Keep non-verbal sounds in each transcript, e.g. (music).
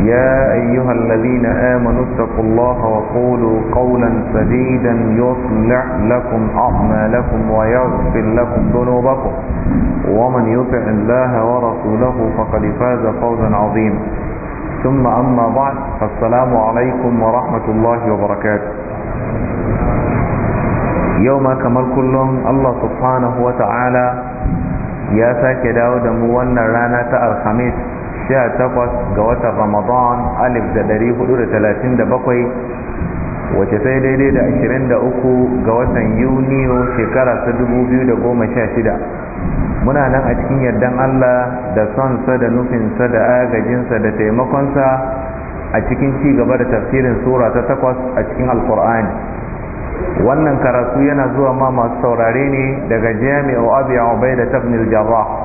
يا أيها الذين آمنوا اتقوا الله وقولوا قولا سديدا يصلح لكم أعمالكم ويغفر لكم ذنوبكم ومن يطع الله ورسوله فقد فاز فوزا عظيما ثم أما بعد فالسلام عليكم ورحمة الله وبركاته يوم كما كلهم الله سبحانه وتعالى يا ساكي داود موانا رانا تأرخميس takwas ga watan ramadan alif da dari hudu da wace sai daidai da ashirin da ga watan yuniyo shekara ta dubu biyu sha shida muna nan a cikin yardan allah da sonsa da nufinsa da agajinsa da taimakonsa a cikin ci gaba da tafsirin sura ta takwas a cikin alkur'ani wannan karatu yana zuwa ma masu saurare ne daga jami'a abu ya'ubai da tabnil jarrah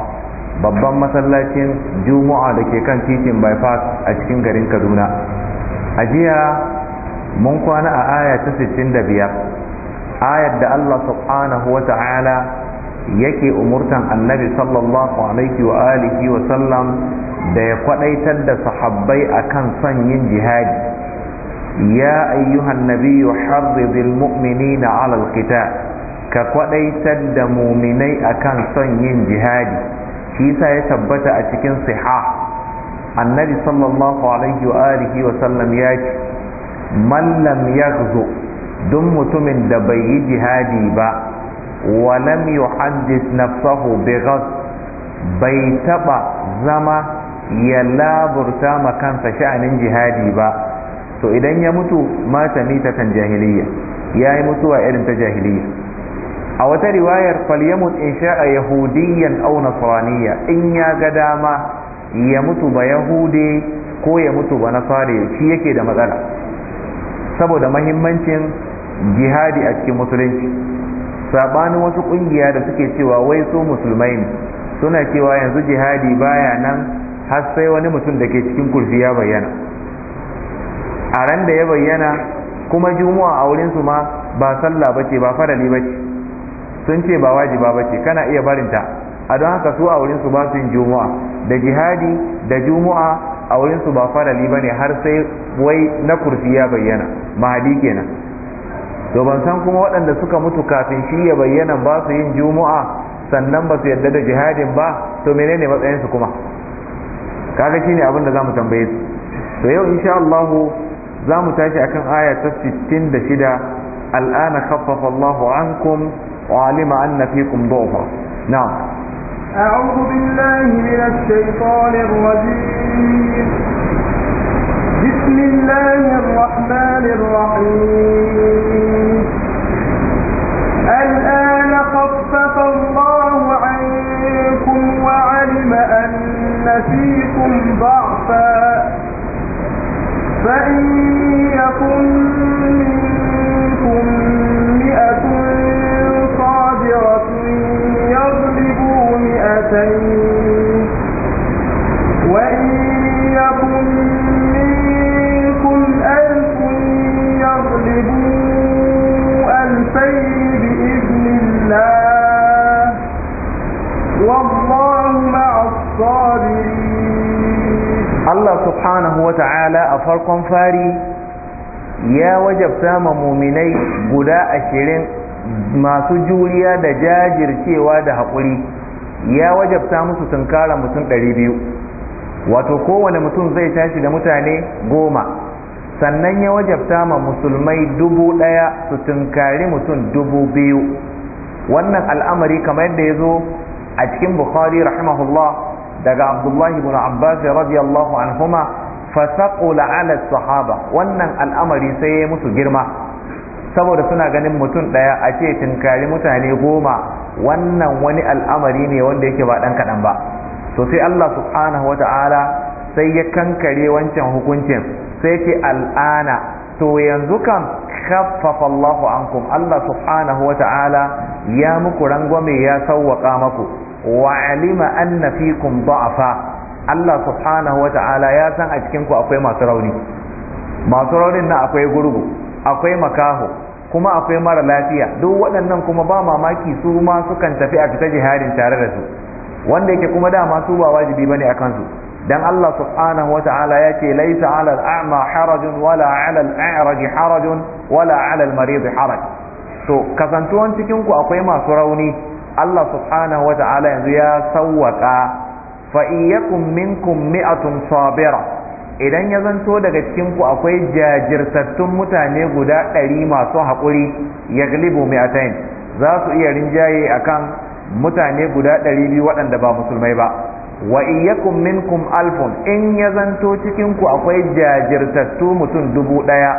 babban masallacin juma'a da ke kan titin bypass a cikin garin kaduna a jiya mun kwana a aya ta 65 ayar da allah subhanahu wa ta'ala yake umurtan annabi sallallahu alaihi wa alihi wa sallam da ya kwadaitar da sahabbai akan son yin jihadi ya ayyuhan nabiyyu harridil mu'minina ala alqital ka kwadaitar da muminai akan son yin jihadi shi ya tabbata a cikin siha annabi sallallahu alaihi wa alihi wa sallam ya ce Mallam ya zo don mutumin da bai yi jihadi ba wa lam yuhaddis nafsahu bi bai taba zama ya laburta ma kansa sha'anin jihadi ba to idan ya mutu mata kan jahiliya ya yi mutuwa irin ta jahiliya a wata riwayar falyamut in sha'a yahudiyyan aw nasraniya in ya ga dama ya mutu ba yahude ko ya mutu ba nasare shi yake da matsala saboda mahimmancin jihadi a cikin musulunci sabanin wasu kungiya da suke cewa wai su musulmai ne suna cewa yanzu jihadi baya nan har sai wani mutum da ke cikin kurfi ya bayyana a ran da ya bayyana kuma juma'a a wurinsu ma ba sallah bace ba farali bace sun ce ba wajiba ba ce kana iya barinta a don haka su a wurinsu ba su yin juma'a da jihadi da juma'a a wurinsu ba farali ba ne har sai wai na kurfi ya bayyana mahadi kenan to ban san kuma waɗanda suka mutu kafin shi ya bayyana ba su yin juma'a sannan ba su yarda da jihadin ba to menene matsayinsu kuma kaga shine abin da zamu tambaye su to yau insha Allah zamu tashi akan aya ta 66 al'ana khaffafa Allahu ankum وعلم أن فيكم ضعفا نعم أعوذ بالله من الشيطان الرجيم بسم الله الرحمن الرحيم الآن خفف الله عنكم وعلم أن فيكم ضعفا فإن يكن منكم Wai Allah subhanahu wa ta’ala a farkon fari ya wajabta ma muminai guda ashirin masu juriya da jajircewa da haƙuri ya wajabta musu tunkara mutum ɗari biyu wato kowane mutum zai tashi da mutane goma sannan ya wajabta ma musulmai dubu ɗaya su tunkari mutum dubu biyu wannan al'amari kamar yadda ya zo a cikin bukhari rahimahullah daga abdullahi ibn abbas radiyallahu anhuma fasaqula ala sahaba wannan al'amari sai ya musu girma saboda suna ganin mutum ɗaya a ce tinkari mutane goma wannan wani al'amari ne wanda yake ba ɗan kaɗan ba to sai Allah subhanahu wa ta'ala sai ya kankare wancan hukuncin sai ce al'ana to yanzu kam khaffafa Allahu ankum Allah subhanahu wa ta'ala ya muku rangwame ya sawwaka muku wa alima anna fikum da'afa Allah subhanahu wa ta'ala ya san a cikin ku akwai masu rauni masu raunin na akwai gurgu akwai makaho kuma akwai mara lafiya duk waɗannan kuma ba mamaki su ma sukan tafi a fita jihadin tare da su wanda yake kuma dama su ba wajibi bane a kansu dan Allah subhanahu wata'ala ya ce laisa 'ala al-a'ma harajun wala 'ala al harajun wala 'ala al-marid haraj to kasantuwan cikin ku akwai masu rauni Allah subhanahu wata'ala yanzu ya sawwaka fa iyyakum minkum mi'atun sabira idan ya zanto daga cikinku akwai jajirtattun mutane guda ɗari masu haƙuri ya galibu mai za su iya rinjaye akan mutane guda ɗari biyu waɗanda ba musulmai ba wa iyyakum minkum alfun in ya zanto cikinku akwai jajirtattu mutum dubu ɗaya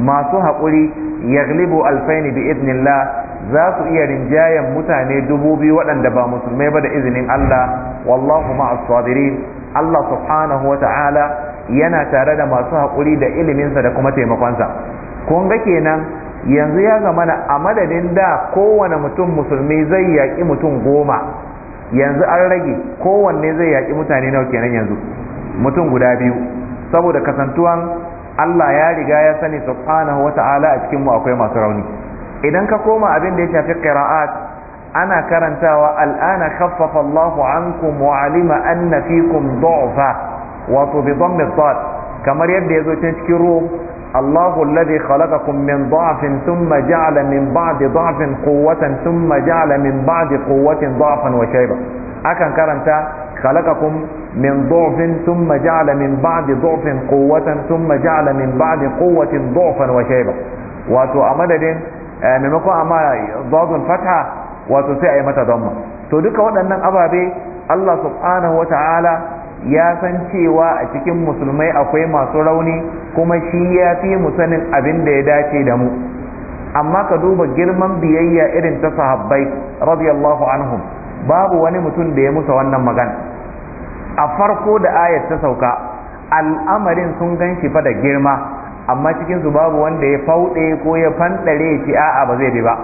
masu haƙuri ya galibu alfaini bi idnillah za su iya rinjayen mutane dubu biyu waɗanda ba musulmai ba da izinin Allah wallahu ma'as sadirin Allah subhanahu wa ta'ala yana tare da masu haƙuri da iliminsa da kuma taimakonsa kun ga kenan yanzu ya na a madadin da kowane mutum musulmi zai yaƙi mutum goma yanzu an rage kowanne zai yaƙi mutane nawa kenan yanzu mutum guda biyu saboda kasantuwan Allah ya riga ya sani subhanahu wa ta'ala a cikin mu akwai masu rauni idan ka koma abin da ya shafi qira'at أنا karantawa al'ana kaffafa Allahu ankum wa alima anna fikum du'fa wato bi dhammi dad kamar yadda yazo الله الذي خلقكم من ضعف ثم جعل من بعد ضعف قوة ثم جعل من بعد قوة ضعفا وشيبا أكن كرنتا خلقكم من ضعف ثم جعل من بعد ضعف قوة ثم جعل من بعد قوة ضعفا وشيبا واتو أمدد نمكو آه، أما ضاد الفتحة wato sai a yi mata damma to duka waɗannan ababe Allah subhanahu wa ta'ala ya san cewa a cikin musulmai akwai masu rauni kuma shi ya fi mu sanin abin da ya dace da mu amma ka duba girman biyayya irin ta sahabbai radiyallahu anhum babu wani mutum da ya musa wannan magana a farko da ayat ta sauka al'amarin sun gan shi fa da girma amma cikinsu babu wanda ya fauɗe ko ya fanɗare ya a'a ba zai bi ba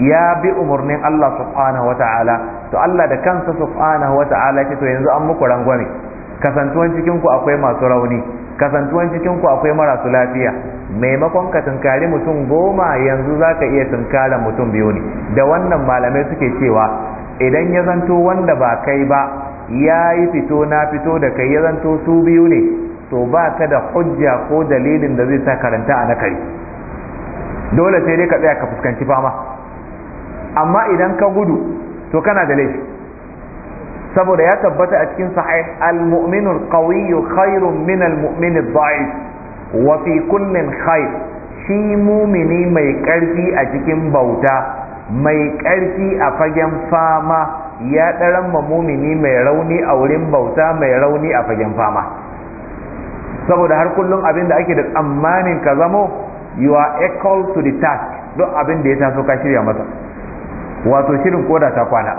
ya bi umarnin Allah subhanahu wa ta'ala to Allah da kansa subhanahu wa ta'ala ce to yanzu an muku rangwame kasantuwan cikin ku akwai masu rauni kasantuwan cikin ku akwai marasu lafiya maimakon ka tunkari mutum goma yanzu za ka iya tunkara mutum biyu ne da wannan malamai suke cewa idan ya zanto wanda ba kai ba ya yi fito na fito da kai ya zanto su biyu ne to ba ka da hujja ko dalilin da zai sa karanta a na nakari dole sai dai ka tsaya ka fuskanci fama amma idan ka gudu to kana da laifi saboda ya tabbata a cikin sahih al-mu'minu al-qawiyyu khairun min al-mu'min daif wa fi kullin khair shi mumini mai karfi a cikin bauta mai karfi a fagen fama ya ɗarama ma mumini mai rauni a wurin bauta mai rauni a fagen fama saboda har kullum abin da ake da tsammanin ka zamo you are equal to the task don abin da ya taso ka shirya masa wato shirin koda ta kwana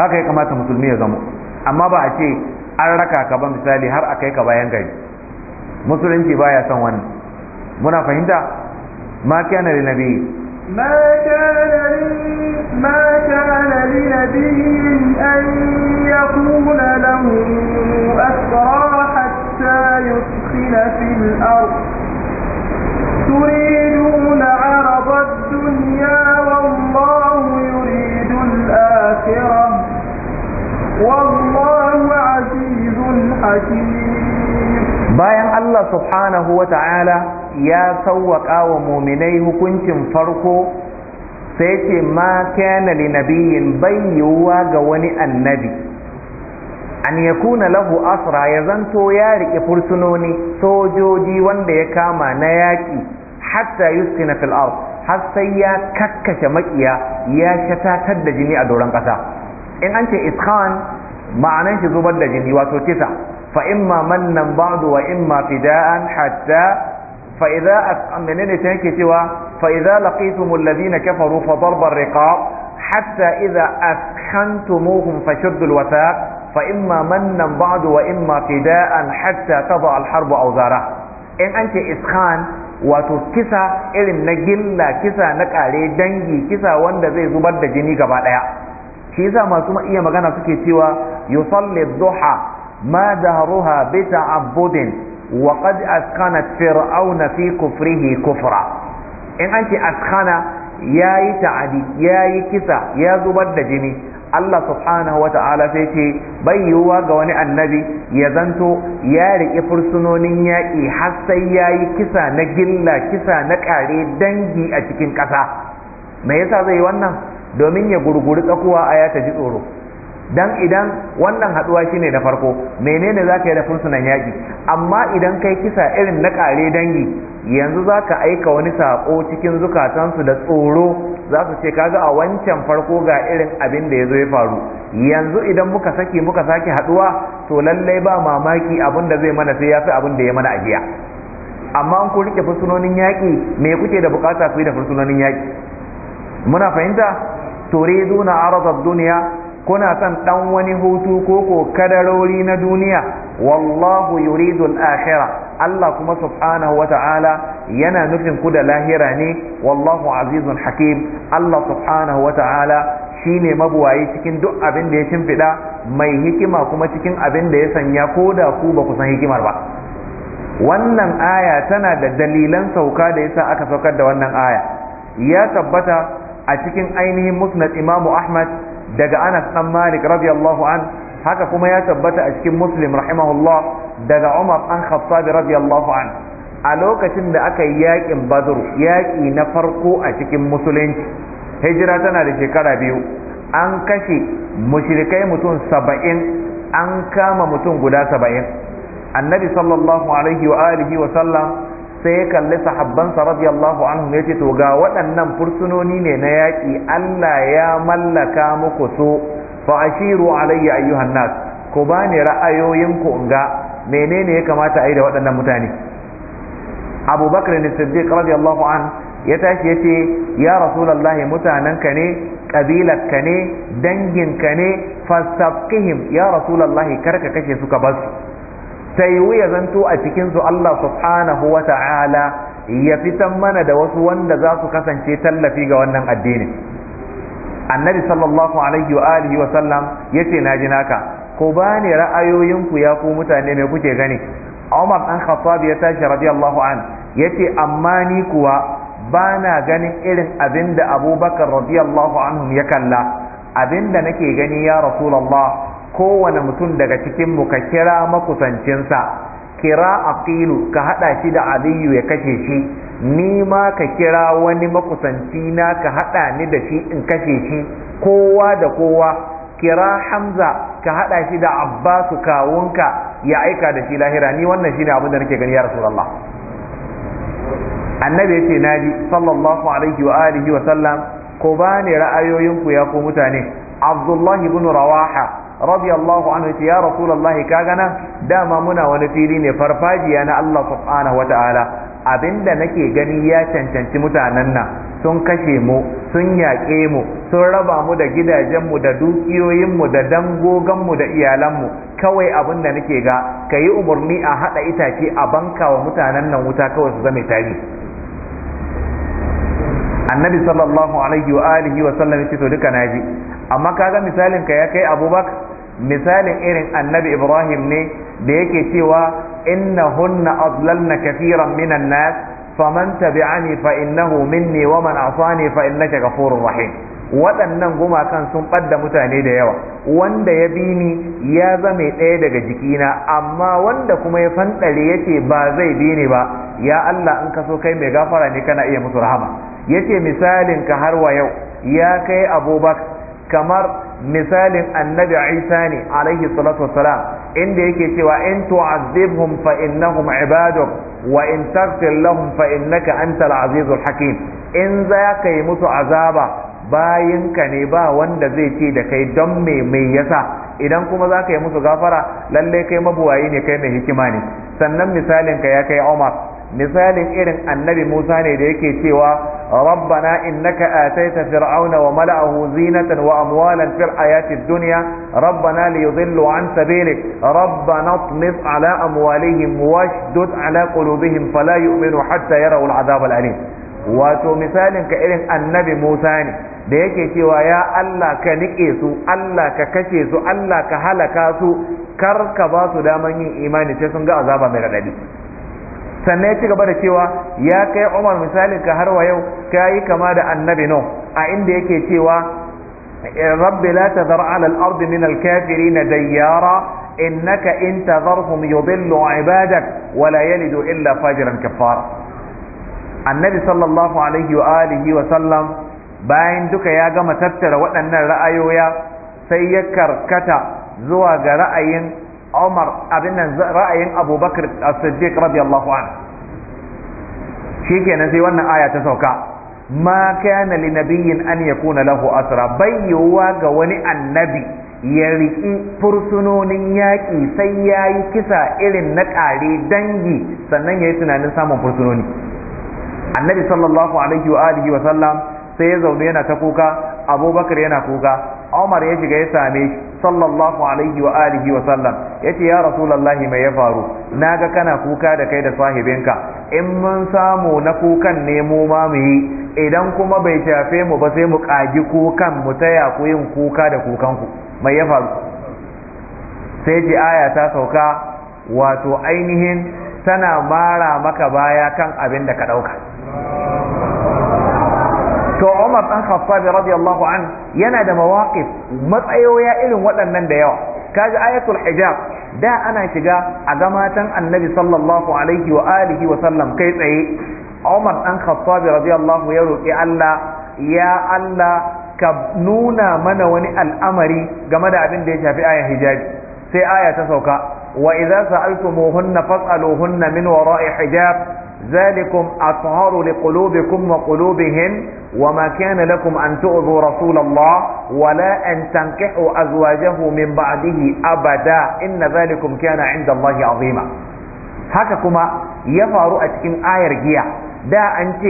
haka ya kamata musulmi ya zama amma ba a ce an raka ka ba misali har a kai ka bayan gari musulunci baya son wannan muna fahimta ma kana nabi ma kana nabi ya sawwaka wa muminai hukuncin farko sai ce ma kana li nabiyin bai yiwuwa ga wani annabi an ya kuna lahu asra ya zanto ya riƙe fursunoni sojoji wanda ya kama na yaƙi hatta yuskina fil ard har sai ya kakkashe makiya ya shatatar da jini a doron ƙasa in an ce iskan ma'anan shi zubar da jini wato kisa fa imma mannan ba'du wa imma fida'an hatta fa idza menene ta yake cewa fa idza laqitumul ladina kafaru fa darbar riqab hatta idza askantumuhum fashuddul wathaq fa mannan ba'du wa imma fida'an hatta tadha al harb awzara in an ce iskan wato kisa irin na gilla kisa na ƙare dangi kisa wanda zai zubar da jini gaba daya shi yasa masu iya magana suke cewa yusalli dhuha ma bita bi ta'abbudin wa qad askanat fir'auna fi kufrihi kufra in an askana yayi ta'adi yayi kisa ya zubar da jini Allah subhanahu wa ta'ala sai ce bai yiwuwa ga wani annabi ya zanto ya riƙe fursunonin yaƙi har sai ya yi kisa na gilla kisa na ƙare dangi a cikin ƙasa me yasa zai yi wannan domin ya gurguri tsakuwa a ya ta ji tsoro dan idan wannan haɗuwa shine na farko menene za ka yi da fursunan yaƙi amma idan kai kisa irin na ƙare dangi yanzu za ka aika wani saƙo cikin zukatansu da tsoro za su ce kaga a wancan farko ga irin abin da ya zo ya faru yanzu idan muka saki muka sake haɗuwa, to lallai ba mamaki abin da zai mana sai ya fi abin da ya mana ajiya amma an ku rike fursunonin yaƙi me kuke da bukata ku yi da fursunonin yaƙi muna fahimta na arada duniya kuna son ɗan wani hutu ko ko kadarori na duniya wallahu yuridul al-akhirah Allah kuma subhanahu wa ta'ala yana nufin ku da lahira ne wallahu azizun hakim Allah subhanahu wa ta'ala shine mabuwayi cikin duk abin da ya shimfiɗa mai hikima kuma cikin abin da ya sanya ko da ku ba ku san hikimar ba wannan aya tana da dalilan sauka da yasa aka saukar da wannan aya ya tabbata a cikin ainihin musnad imamu ahmad daga Anas ɗan Malik radiyallahu an haka kuma ya tabbata a cikin Muslim rahimahullah daga Umar an Khattab radiyallahu an a lokacin da aka yi yaƙin Badr yaƙi na farko a cikin musulunci hijira tana da shekara biyu an kashe mushrikai mutum saba'in an kama mutum guda saba'in annabi sallallahu alaihi wa alihi wa sallam sai ya kalli sahabbansa radiyallahu anhu ya ce to ga waɗannan fursunoni ne na yaƙi Allah ya mallaka muku su fa ashiru alayya ayyuhan nas ku bani ra'ayoyinku in ga menene ya kamata a yi da waɗannan mutane Abu Bakr ne Siddiq radiyallahu an ya tashi ya ce ya Rasulullahi mutanenka ne kabilarka ne danginka ne fasafkihim ya Rasulullahi karka kashe suka basu Sai wuya ya zanto a cikinsu Allah subhanahu wa ta'ala ya fitan mana da wasu wanda za su kasance tallafi ga wannan addinin annabi sallallahu alaihi wa alihi wa sallam yace na ji naka ko bani ra'ayoyinku ya ku mutane mai kuke gani Umar dan Khattab ya tashi radiyallahu an yace amma ni kuwa bana ganin irin abinda Abubakar radiyallahu anhu ya kalla abinda nake gani ya rasulallah kowane mutum daga cikin mu ka kira makusancinsa kira aqilu ka hada shi da aliyu ya kashe shi ni ma ka kira wani makusanci na ka hada ni da shi in kashe shi kowa da kowa kira hamza ka hada shi da abbasu kawunka ya aika da shi lahira ni wannan shine abin da nake gani ya rasulullah annabi yace naji sallallahu alaihi wa alihi wa sallam ko bani ra'ayoyinku ya ku mutane abdullahi ibn rawaha radiyallahu anhu yace ya rasulullahi kaga na dama muna wani fili ne farfajiya na Allah subhanahu wataala abinda nake gani ya cancanci mutanen nan sun kashe mu sun yaƙe mu sun raba mu da gidajen mu da dukiyoyin mu da dangoganmu da iyalanmu kawai abin nake ga ka yi umarni a haɗa itace a banka wa mutanen nan wuta kawai su zame tari annabi sallallahu alaihi wa alihi wa sallam ce to duka naji amma kaga misalin ka ya kai abubakar misalin irin annabi ibrahim ne da yake cewa innahunna adlalna kathiran minan nas faman tabi'ani fa innahu minni wa man asani fa innaka ghafurur rahim waɗannan gumakan sun ɓadda mutane da yawa wanda ya bi ni ya zame ɗaya daga jikina amma wanda kuma ya fanɗare yake ba zai bi ni ba ya Allah in ka so kai mai gafara ne kana iya musu rahama yace misalin ka har wa yau ya kai abubakar kamar misalin annabi isa ne alaihi salatu wasalam inda yake cewa in tu'azzibhum fa innahum ibaduk wa in taghfir lahum fa innaka antal azizul hakim in za ka yi musu azaba bayinka ne ba wanda zai ce da kai don me me yasa idan kuma za ka yi musu gafara lalle kai mabuwayi ne kai mai hikima ne sannan misalin ka ya kai Umar misalin irin annabi Musa ne da yake cewa rabbana innaka ataita fir'auna wa mala'ahu zinatan wa amwalan fil hayatid dunya rabbana liyudillu an sabilik rabbana tmis ala amwalihim washdud ala qulubihim fala yu'minu hatta yarawu al'adab al'alim wato misalin ka irin annabi Musa ne da yake cewa ya Allah ka nike su Allah ka kashe su Allah ka halaka su kar ka ba su daman yin imani sai sun ga azaba mai radadi sannan ya ci gaba da cewa ya kai umar misalin ka har wa yau ka yi kama da annabi no a inda yake cewa rabbi la tazar ala al-ard min al-kafirin dayyara innaka in tazarhum yudillu ibadak wa la yalidu illa fajiran kaffara annabi sallallahu alaihi wa alihi wa sallam bayan duka ya gama tattara waɗannan ra'ayoya sai ya karkata zuwa ga ra'ayin Umar abin nan ra'ayin Abu Bakr as-Siddiq radiyallahu anhu shikenan sai wannan aya ta sauka ma kana li nabiyyin an yakuna lahu asra bayyuwa ga wani annabi ya riki fursunonin yaƙi sai ya yi kisa irin na ƙare dangi sannan ya yi tunanin samun fursunoni annabi sallallahu alaihi wa alihi wa sallam sai ya zaune yana ta kuka abubakar yana kuka umar ya shiga ya same shi sallallahu alaihi wa alihi wa sallam yace ya rasulullahi mai ya faru naga kana kuka da kai da sahibinka in mun samu na kukan nemo ma mu yi idan kuma bai shafe mu ba sai mu kaji kukan mu taya ku yin kuka da kukanku mai ya faru sai ji aya ta sauka wato ainihin tana mara maka baya kan abin da ka ɗauka. to Umar dan Khattab radiyallahu an yana da mawaƙif matsayoya irin waɗannan da yawa kaji ayatul hijab da ana shiga a ga matan annabi sallallahu alaihi wa alihi wa sallam kai tsaye Umar dan Khattab radiyallahu ya roki Allah ya Allah ka nuna mana wani al'amari game da abin da ya shafi ayan hijabi sai aya ta sauka wa idza sa'altumuhunna fas'aluhunna min wara'i hijab ذلكم أطهر لقلوبكم وقلوبهم وما كان لكم أن تؤذوا رسول الله ولا أن تنكحوا أزواجه من بعده أبدا إن ذلكم كان عند الله عظيما هككما يفعل أتكين آير جيا دا أنت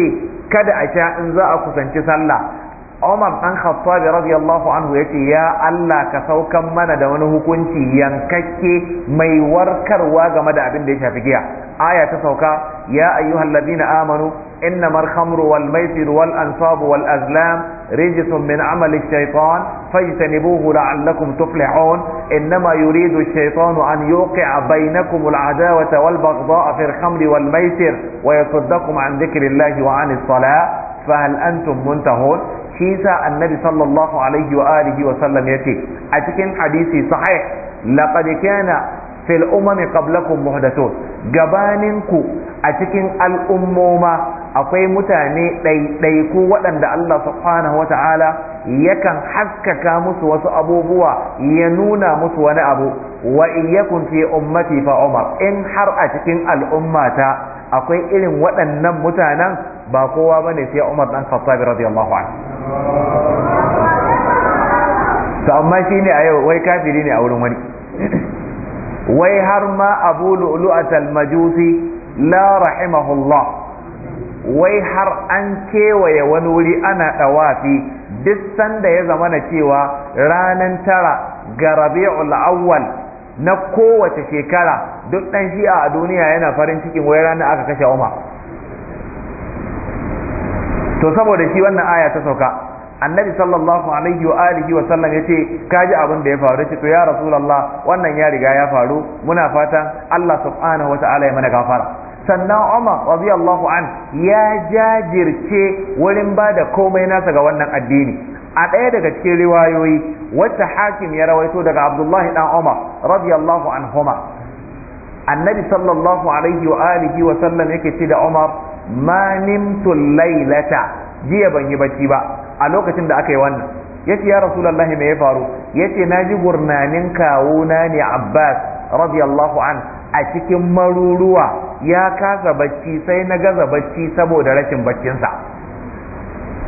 كدا أشاء إن ذاك سنتسلى عمر بن خطاب رضي الله عنه يتي يا الله كسوكم من دونه كنتي ينككي ميوركر واغمد أبن ديشا في جيا آية تسوكا يا أيها الذين آمنوا إنما الخمر والميسر والأنصاب والأزلام رجس من عمل الشيطان فاجتنبوه لعلكم تفلحون إنما يريد الشيطان أن يوقع بينكم العداوة والبغضاء في الخمر والميسر ويصدكم عن ذكر الله وعن الصلاة فهل أنتم منتهون شيسا النبي صلى الله عليه وآله وسلم يتي أتكن حديثي صحيح لقد كان fil umami qablakum muhdathun ku a cikin al'ummoma akwai mutane ɗaiɗaiku waɗanda Allah subhanahu wa ta'ala yakan haskaka musu wasu abubuwa ya nuna musu wani abu wa iyakun fi ummati fa umar in har a cikin al'ummata akwai irin waɗannan mutanen ba kowa bane sai Umar dan Khattab radiyallahu anhu to amma shine a yau wai kafiri ne a wurin wani wai har ma abu lu'lu'at majusi la rahimahullah wai har an kewaye wani wuri ana dawafi duk sanda ya zama na cewa ranan tara ga rabi'ul awwal na kowace shekara duk ɗan shi'a a duniya yana farin cikin wai ranar aka kashe umar to saboda shi wannan aya ta sauka annabi sallallahu alaihi wa alihi wa sallam yace kaji abin da ya faru ce to ya rasulullah wannan ya riga ya faru muna fatan Allah subhanahu wa ta'ala ya mana gafara sannan Umar radiyallahu an ya jajirce wurin ba da komai nasa ga wannan addini a ɗaya daga cikin riwayoyi wacce hakim ya rawaito daga Abdullahi dan Umar radiyallahu anhuma annabi sallallahu alaihi wa alihi wa sallam yake ce da Umar ma nimtu laylata jiya ban yi bacci ba a lokacin da aka yi wannan yace ya rasulullahi me ya faru yace ji gurnanin kawuna ne abbas radiyallahu an a cikin maruruwa ya kasa bacci sai na gaza bacci saboda rashin baccinsa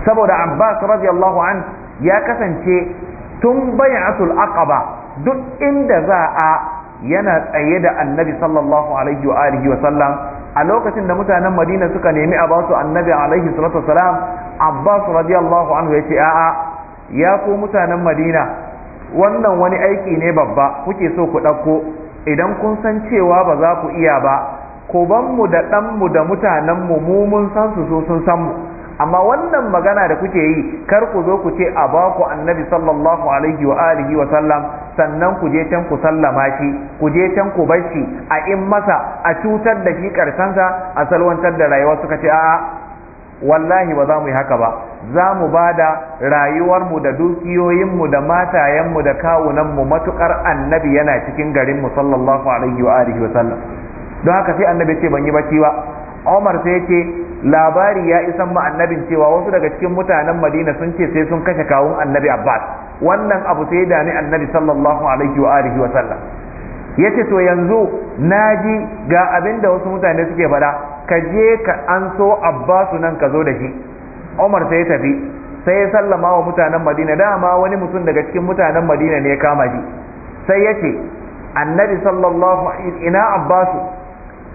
saboda abbas radiyallahu an ya kasance tun bay'atul aqaba duk inda za a yana tsaye da annabi sallallahu alaihi wa alihi wa sallam a lokacin da mutanen madina suka nemi a basu annabi alaihi salatu wasalam abbas radiyallahu anhu ya ce a'a ya ku mutanen madina wannan wani aiki ne babba kuke so ku ɗauko idan kun san cewa ba za ku iya ba ku ban mu da ɗanmu da mutanenmu mu mun san su so sun san mu amma wannan magana da kuke yi kar ku zo ku ce a ba ku annabi sallallahu alaihi wa alihi wa sallam sannan ku je can ku sallama shi ku je can ku bar a in masa a cutar da shi karsansa a salwantar da rayuwa suka ce a'a wallahi ba za mu yi haka ba za mu ba da rayuwarmu da dukiyoyinmu da matayenmu da kawunanmu matukar annabi yana cikin garinmu sallallahu alaihi wa alihi wa sallam don haka sai annabi ce ban yi bacci ba Umar sai ce labari ya isan ma annabin cewa wasu daga cikin mutanen Madina sun ce sai sun kashe kawun annabi Abbas wannan abu sai da ni annabi sallallahu alaihi wa alihi wa sallam yace to yanzu naji ga abin da wasu mutane suke fada ka je ka an so abbasu nan ka zo da shi umar sai ya tafi sai ya sallama wa mutanen madina dama wani mutum daga cikin mutanen madina ne ya kama shi sai yace ce annabi sallallahu ina abbasu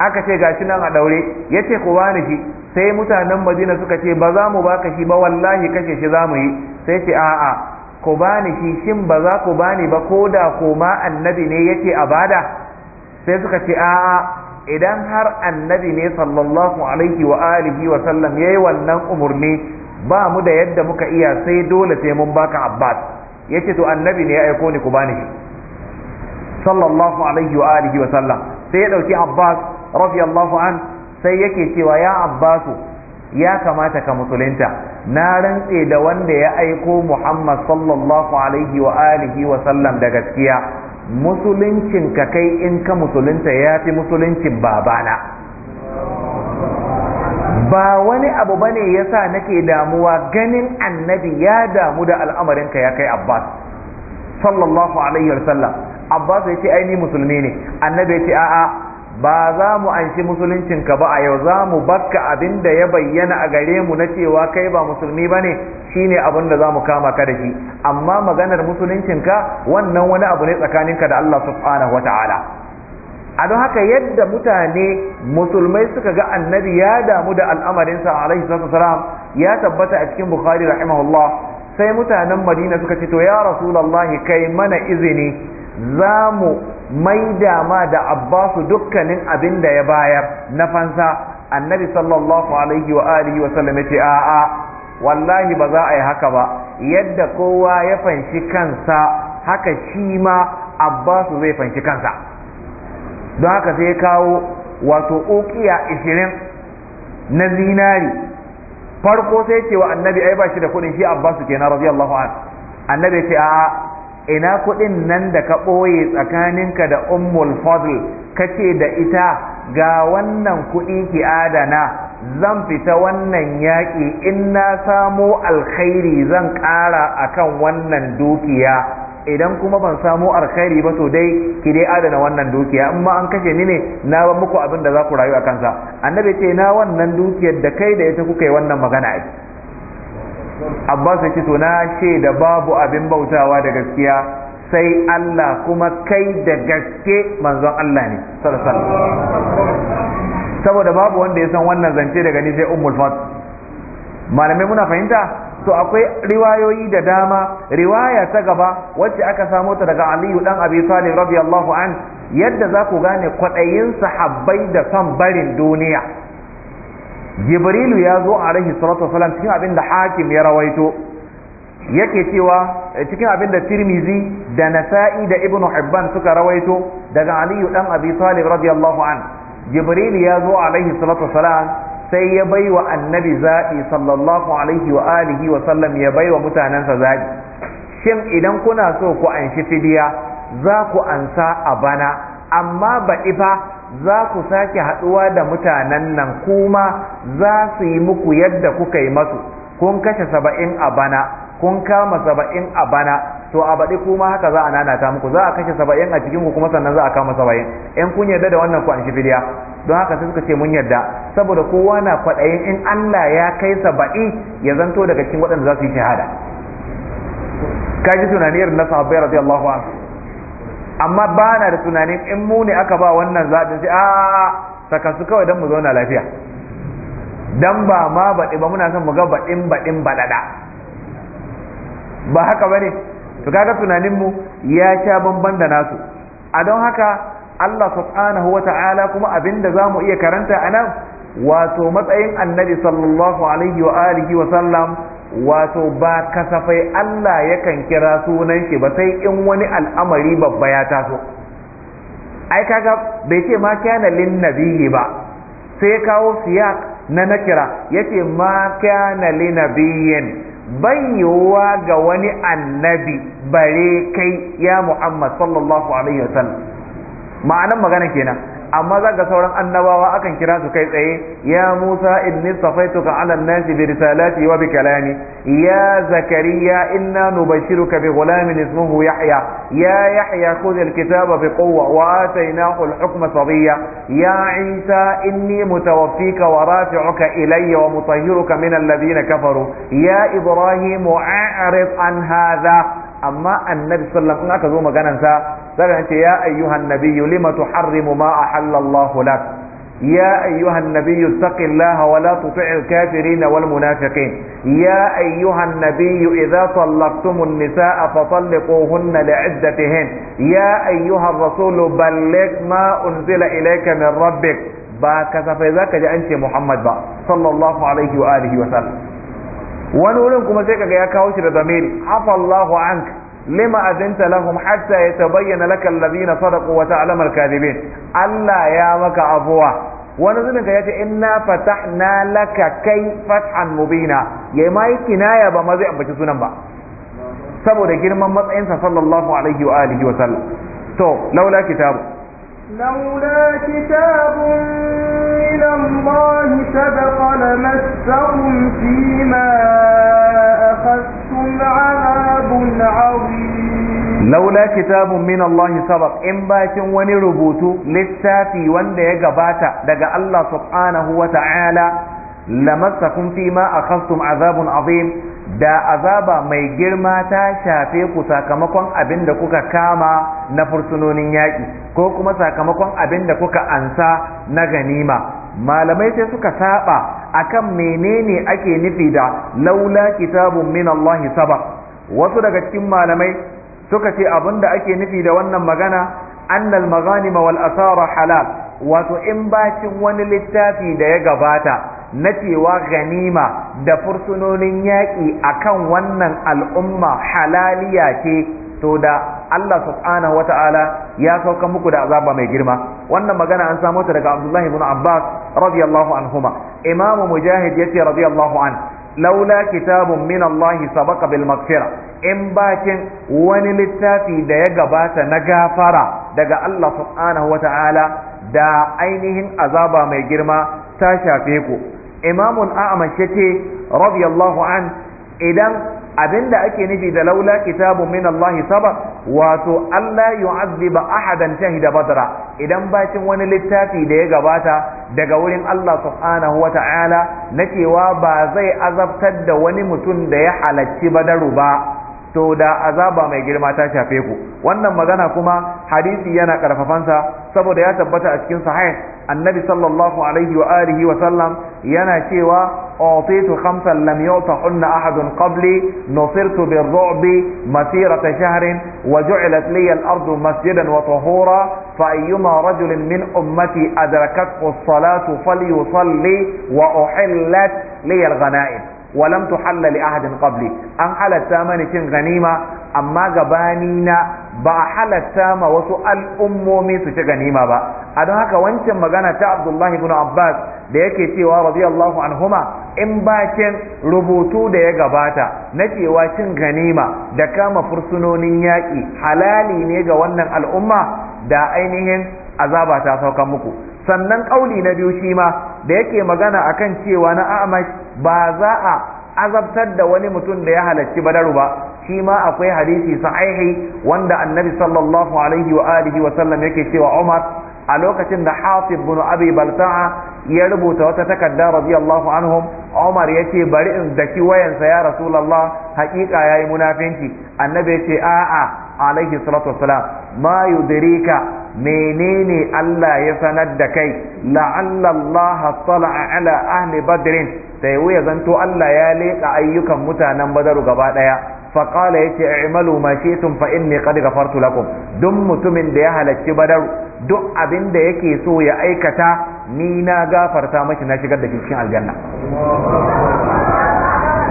aka ce gashi nan a daure yace ce ku bani shi sai mutanen madina suka ce ba za mu baka shi ba wallahi kashe shi za mu yi sai ce a'a ku bani shi shin ba za ku bani ba ko da koma annabi ne yake a bada sai suka ce a'a idan har annabi ne sallallahu alaihi wa alihi wa sallam yayi wannan umurni ba mu da yadda muka iya sai dole sai mun baka abbas yace to annabi ne ya aiko ni ku bani shi sallallahu alaihi wa alihi wa sallam sai ya dauki abbas radiyallahu an sai yake cewa ya abbasu ya kamata ka musulunta na rantse da wanda ya aiko Muhammad sallallahu alaihi wa alihi wa sallam da gaskiya musuluncin ka kai in ka musulunta ya fi musuluncin babana ba wani abu bane yasa nake damuwa ganin annabi ya damu da al'amarin ka ya kai abbas sallallahu alaihi wa sallam abbas ya ce ai ni musulmi ne annabi ya ce a'a ba za mu anshi musuluncinka ba a yau za mu bakka abin da ya bayyana a gare mu na cewa kai ba musulmi ba ne shi ne abin da za mu kama ka da shi amma maganar musuluncinka wannan wani abu ne tsakaninka da Allah subhanahu wata'ala a don haka yadda mutane musulmai suka ga annabi ya damu da al'amarinsa alaihi salam ya tabbata a cikin bukhari rahimahullah sai mutanen madina suka ce to ya rasulallahi kai mana izini za mu mai dama da Abbas dukkanin abin da ya bayar na fansa annabi sallallahu alaihi wa alihi wa sallam ya ce a'a wallahi ba za a yi haka ba yadda kowa ya fanshi kansa haka shi ma abbasu zai fanshi kansa don haka sai kawo wato ukiya ishirin na zinari farko sai ce wa annabi ai ba shi da kudin shi abbasu kenan radiyallahu an annabi ya ce a'a ina kuɗin nan da ka ɓoye tsakaninka da ummul fadl kace da ita ga wannan kuɗi ki adana zan fita wannan yaƙi in na samo alkhairi zan ƙara akan wannan dukiya idan kuma ban samo alkhairi ba to dai ki dai adana wannan dukiya in an kashe ni ne na ba muku abin da za ku rayu a kansa annabi ce na wannan dukiyar da kai da ita kuka yi wannan magana ai abbas ya ce to na ce da babu abin bautawa da gaskiya sai Allah kuma kai da gaske manzon Allah ne saboda babu wanda ya san wannan zance daga ni sai ummul fat malamai muna fahimta to akwai riwayoyi da dama riwaya ta gaba wacce aka samo ta daga Aliyu dan Abi Talib radiyallahu an yadda za ku gane kwaɗayin sahabbai da son barin duniya jibrilu ya zo alaihi salatu wasalam cikin abin da hakim ya rawaito yake cewa eh, cikin abin da tirmizi da nasa'i da ibnu hibban suka rawaito daga aliyu dan abi talib radiyallahu an jibrilu ya zo alaihi salatu wasalam sai ya bai wa annabi zaɓi sallallahu alaihi wa alihi wa sallam ya bai wa mutanensa zaɓi shin idan kuna so ku anshi fidiya za ku ansa a bana amma baɗi fa za ku sake haɗuwa da mutanen nan kuma za su yi muku yadda kuka yi masu kun kashe saba'in a bana kun kama saba'in a bana to a baɗi kuma haka za a nanata muku za a kashe saba'in a cikin ku kuma sannan za a kama saba'in in kun yarda da wannan ku an shi filiya don haka sai suka ce mun yarda saboda kowa na kwaɗayin in Allah ya kai saba'i ya zanto daga cikin waɗanda za su yi shahada ka ji tunaniyar na sahabbai radiyallahu anhu amma ba na da tunanin in mu ne aka ba wannan zaɓin sai a saka su kawai don mu zauna lafiya don ba ma baɗi ba muna son mu ga baɗin baɗin baɗaɗa ba haka ba ne to kaga tunaninmu ya sha bamban da nasu a don haka Allah subhanahu wa ta'ala kuma abinda za mu iya karanta a nan wato matsayin annabi sallallahu alaihi wa alihi wa sallam wato ba kasafai Allah yakan kira sunan shi ba sai in wani al'amari babba ya taso ai kaga bai ce ma kana lin nabiyyi ba sai kawo siyak na nakira yace ma kana lin nabiyyin bayyowa ga wani annabi bare kai ya Muhammad sallallahu alaihi wasallam ma'anan magana kenan amma za ga sauran annabawa akan kira su kai tsaye ya musa inni safaituka ala nasi bi risalati wa bi kalami ya zakariya inna nubashiruka bi ghulamin ismuhu yahya ya yahya khudh alkitaba bi quwwa wa atainahu alhukma sabiyya ya isa inni mutawaffika wa rafi'uka ilayya wa mutahhiruka min alladhina kafaru ya ibrahim a'rid an hadha amma annabi sallallahu alaihi wasallam in aka zo maganan sa sai ta ce ya ayyuhan nabiyyu lima tuharrimu ma ahalla Allahu lak ya ayyuhan nabiyyu taqillaha wa la tuti'il wal munafiqin ya ayyuhan nabiyyu idza talaqtumun nisaa fa talliquhunna li iddatihin ya ayyuhar rasul balligh ma unzila ilayka min rabbik ba ka safai zaka ji an ce muhammad ba sallallahu alaihi wa alihi wani wurin kuma sai kaga ya kawo shi da zamiri afallahu anka lima azinta lahum hatta yatabayyana laka alladhina sadaqu wa ta'lamu al-kadhibin Allah ya maka abuwa wani zunin ka yace inna fatahna laka kai fathan mubina yayi ma kinaya ba ma zai ambaci sunan ba saboda girman matsayinsa sallallahu alaihi wa alihi wa sallam to laula kitabu لولا كتاب من الله سبق لمسهم فيما أخذتم عن عظيم لولا كتاب من الله سبق إن باكن وني ربوتو للتافي وان دا يغباتا دقى الله سبحانه وتعالى a فيما أخذتم عذاب da azaba mai girma ta shafe ku sakamakon abin da kuka kama na fursunonin yaƙi ko kuma sakamakon abin da kuka ansa na ganima malamai sai suka saba akan menene ake nufi da laula kitabun min Allah sabaq wasu daga cikin malamai suka ce abinda ake nufi da wannan magana annal maghanima wal asara halal wato in bacin wani littafi da ya gabata na cewa ganima da fursunonin yaƙi a kan wannan al'umma halaliya ce to da Allah subhanahu wata'ala ya sauka muku da azaba mai girma wannan magana an samo ta daga Abdullahi ibn Abbas radiyallahu anhuma Imam Mujahid yace radiyallahu an laula kitabun min Allah sabaqa bil magfira in bakin wani littafi da ya gabata na gafara daga Allah subhanahu da ainihin azaba mai girma ta shafe ku imamul a'mash ce radiyallahu an idan Abin da ake nufi da laula kitabun min Allah sabab wato Allah yu'azziba ahadan shahida badra idan bacin wani littafi da ya gabata daga wurin Allah subhanahu wa ta'ala na cewa ba zai azabtar da wani mutum da ya halacci badaru ba to da azaba mai girma ta shafe ku wannan magana kuma hadisi yana karfafansa saboda ya tabbata a cikin sahih annabi sallallahu alaihi wa alihi wa sallam yana cewa أعطيت خمسا لم يعطهن أحد قبلي نصرت بالرعب مسيرة شهر وجعلت لي الأرض مسجدا وطهورا فأيما رجل من أمتي أدركته الصلاة فليصلي وأحلت لي الغنائم ولم تحل لأحد قبلي أن حلت ثامنة غنيمة أما غبانينا ba a halatta ma wasu al'ummomi su ci ganima ba a don haka wancan magana ta abdullahi ibn abbas da yake cewa radiyallahu anhuma in bakin rubutu da ya gabata na cewa cin ganima da kama fursunonin yaƙi halali ne ga wannan al'umma da ainihin azaba ta saukan muku sannan ƙauli na biyu shi ma da yake magana a kan cewa na amash ba za a azabtar da wani mutum da ya halarci badaru ba shi ma akwai hadisi sahihi wanda annabi sallallahu alaihi wa wa sallam yake cewa Umar a lokacin da hafiz bin Abi Balta'a ya rubuta wata takarda radiyallahu anhum Umar yace bari in daki wayansa ya Rasulullah haƙiƙa yayi munafinci annabi yace a'a alaihi salatu wassalam ma yudrika menene Allah ya sanar da kai la'alla Allah tala'a ala ahli badrin sai wuya zanto Allah ya leka ayyukan mutanen badaru gaba daya فقال يتي اعملوا ما شئتم فاني قد غفرت لكم دم متمن da ya halarci badar duk abinda da yake so ya aikata ni na gafarta mashi na shigar da cikin aljanna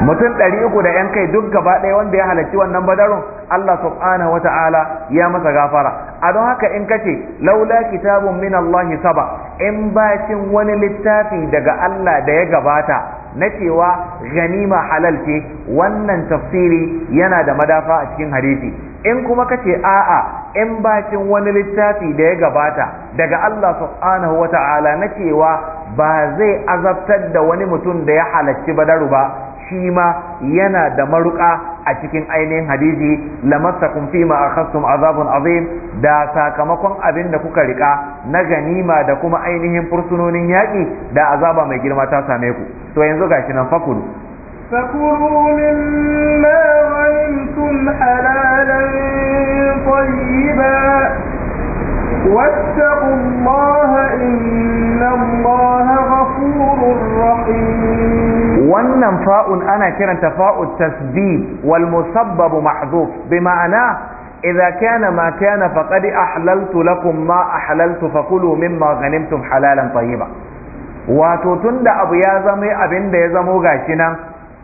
mutum ɗari uku da 'yan kai duk gaba ɗaya wanda ya halarci wannan badarun Allah subhanahu Ta'ala ya masa gafara a don haka in kace laula kitabun min Allah saba in bacin wani littafi daga Allah da ya gabata na cewa ganima halal ce wannan tafsiri yana da madafa a cikin hadisi in kuma ka ce a'a in bakin wani littafi da ya gabata daga Allah subhanahu wa ta'ala na cewa ba zai azabtar da wani mutum da ya halarci badaru ba shi ma yana da maruƙa a cikin ainihin hadisi lamassakum fi ma akhastum azabun azim da sakamakon abin da kuka rika na ganima da kuma ainihin fursunonin yaƙi da azaba mai girma ta same ku to yanzu gashi nan fakulu فكلوا مما غنمتم حلالا طيبا واتقوا الله إن الله غفور رحيم wannan fa'un انا kiranta fa'u tasdid والمسبب محذوف mahdhuf إذا كان ما كان فقد أحللت لكم ما أحللت فكلوا مما غنمتم حلالا طيبا wato tun da abu ya zama abin da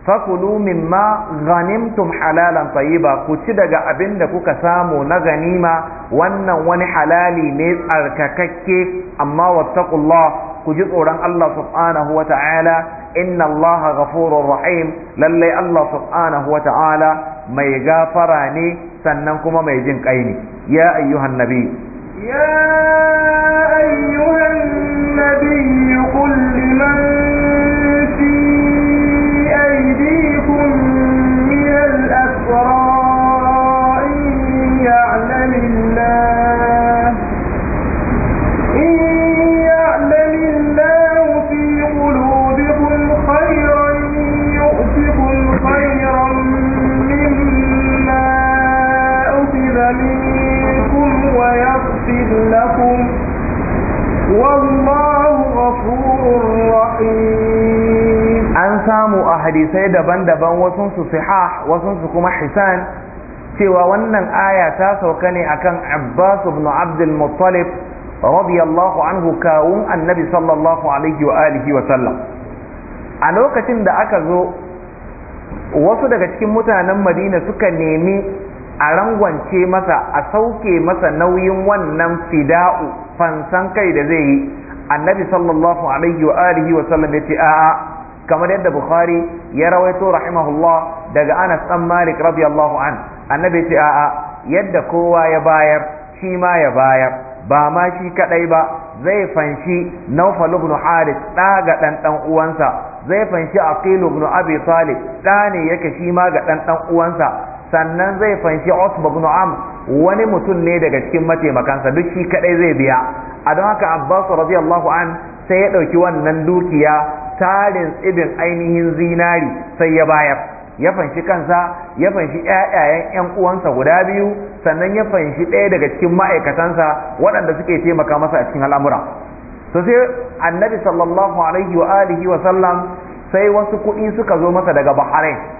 fakulu mimma ghanimtum halalan tayyiba ku ci daga abin da kuka samu na ganima wannan wani halali ne tsarkakakke amma wattaqullah ku ji tsoron Allah subhanahu wa ta'ala inna Allah ghafurur rahim lalle Allah subhanahu wa ta'ala mai gafara ne sannan kuma mai jin kai ne ya ayyuhan nabi ya ayyuhan nabi qul liman والله غفور رحيم an samu a hadisai daban-daban wasun su sihah kuma hisan cewa wannan aya ta sauka ne akan Abbas ibn Abdul Muttalib radiyallahu anhu kawun annabi sallallahu alaihi wa alihi wa sallam a lokacin da aka zo wasu daga cikin mutanen madina suka nemi a rangwance masa a sauke masa nauyin wannan fida'u fansan kai da zai yi annabi sallallahu alaihi wa alihi wa sallam a'a kamar yadda bukhari ya rawaito rahimahullah daga anas dan malik radiyallahu an annabi yace a'a yadda kowa ya bayar shi ma ya bayar ba ma shi kadai ba zai fanshi Nawfal ibn Harith da ga dan dan uwansa zai fanshi Aqil ibn Abi Talib da ne yake shi ma ga dan dan uwansa sannan zai fanshi Osman bin Am wani mutum ne daga cikin mataimakansa duk shi kadai zai biya a don haka Abbas radiyallahu an sai ya dauki wannan dukiya tarin tsibin ainihin zinari sai ya bayar ya fanshi kansa ya fanshi ƴaƴayen ƴan uwansa guda biyu sannan ya fanshi ɗaya daga cikin ma'aikatansa waɗanda suke taimaka masa a cikin al'amura to sai annabi sallallahu alaihi wa alihi wa sallam sai wasu kuɗi suka zo masa daga Bahrain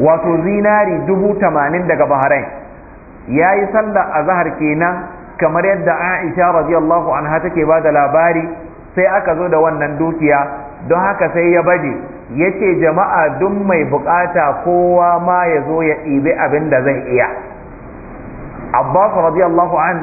wato zinari dubu tamanin daga bahrain ya yi a zahar kenan kamar yadda aisha radiyallahu anha take ba da labari sai aka zo da wannan dukiya don haka sai ya baje ya ce jama'a duk mai bukata kowa ma ya zo ya ɗibi abin da zai iya abbas radiyallahu an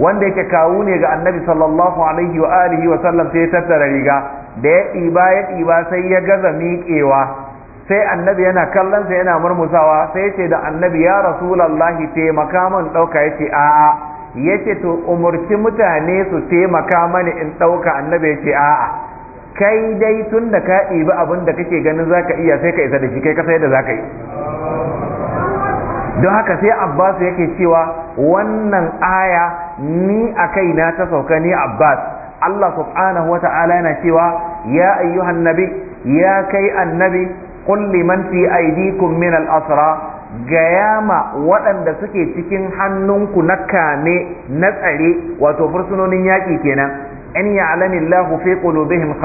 wanda yake kawu ne ga annabi sallallahu alaihi wa alihi wa sallam sai ya tattara riga da ya ɗiba ya ɗiba sai ya gaza miƙewa sai annabi yana kallon sa yana murmusawa sai yace da annabi ya rasulullahi taimaka min dauka yace a'a yace to umarci mutane su taimaka mani in ɗauka annabi yace a'a kai dai tun da ka ɗibi abin da kake ganin zaka iya sai ka isa da shi kai ka sai da zaka yi don haka sai abbas yake cewa wannan aya ni a kaina ta sauka ni abbas allah subhanahu wa ta'ala yana cewa ya ayyuhan nabi ya kai annabi qul liman fi aydikum min al-asra gayama waɗanda suke cikin hannunku na kame na tsare wato fursunonin yaƙi kenan in ya'lamu Allahu fi qulubihim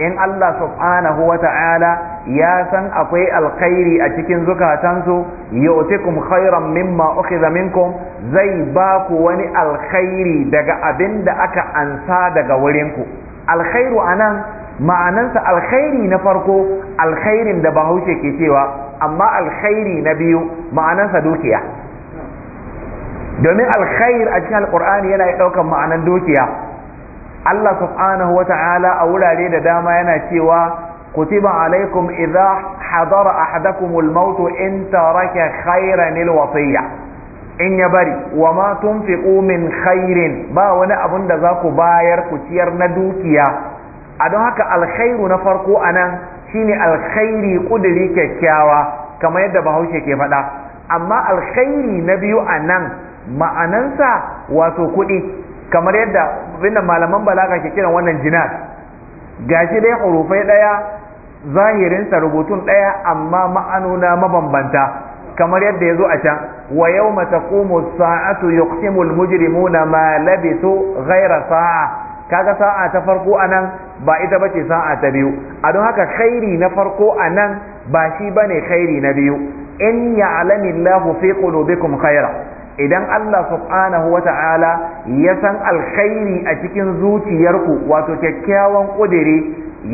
in Allah subhanahu wa ta'ala ya san akwai alkhairi a cikin zukatansu yu'tikum khairan mimma ukhidha minkum zai ba ku wani alkhairi daga abin da aka ansa daga ku? alkhairu anan ma'anansa alkhairi na farko alkhairin da bahaushe ke cewa amma alkhairi na biyu ma'anansa dukiya domin alkhair a cikin alkur'ani yana ɗaukan ma'anan dukiya Allah subhanahu wa ta'ala a wurare da dama yana cewa kutiba alaikum idza hadara ahadakumul maut in taraka khairan alwasiya in ya bari wa ma tunfiqu min khairin ba wani abun da za ku bayar ku ciyar na dukiya a don haka alkhairu na farko anan shine alkhairi kuduri kyakkyawa kamar yadda bahaushe ke faɗa amma alkhairi na biyu anan ma'anansa wato kuɗi kamar yadda binda malaman balaga ke kiran wannan jinas gashi dai hurufai ɗaya zahirinsa rubutun ɗaya amma ma'anuna mabambanta kamar yadda ya zo a can wa yau mata sa'atu yuqsimul mujrimuna ma labisu ghaira sa'a kaga sa'a ta farko anan ba ita bace sa'a ta biyu a don haka khairi na farko anan ba shi bane khairi na biyu in ya'lamillahu fi qulubikum khaira idan Allah subhanahu ta'ala ya san alkhairi a cikin zuciyarku wato kyakkyawan ƙudiri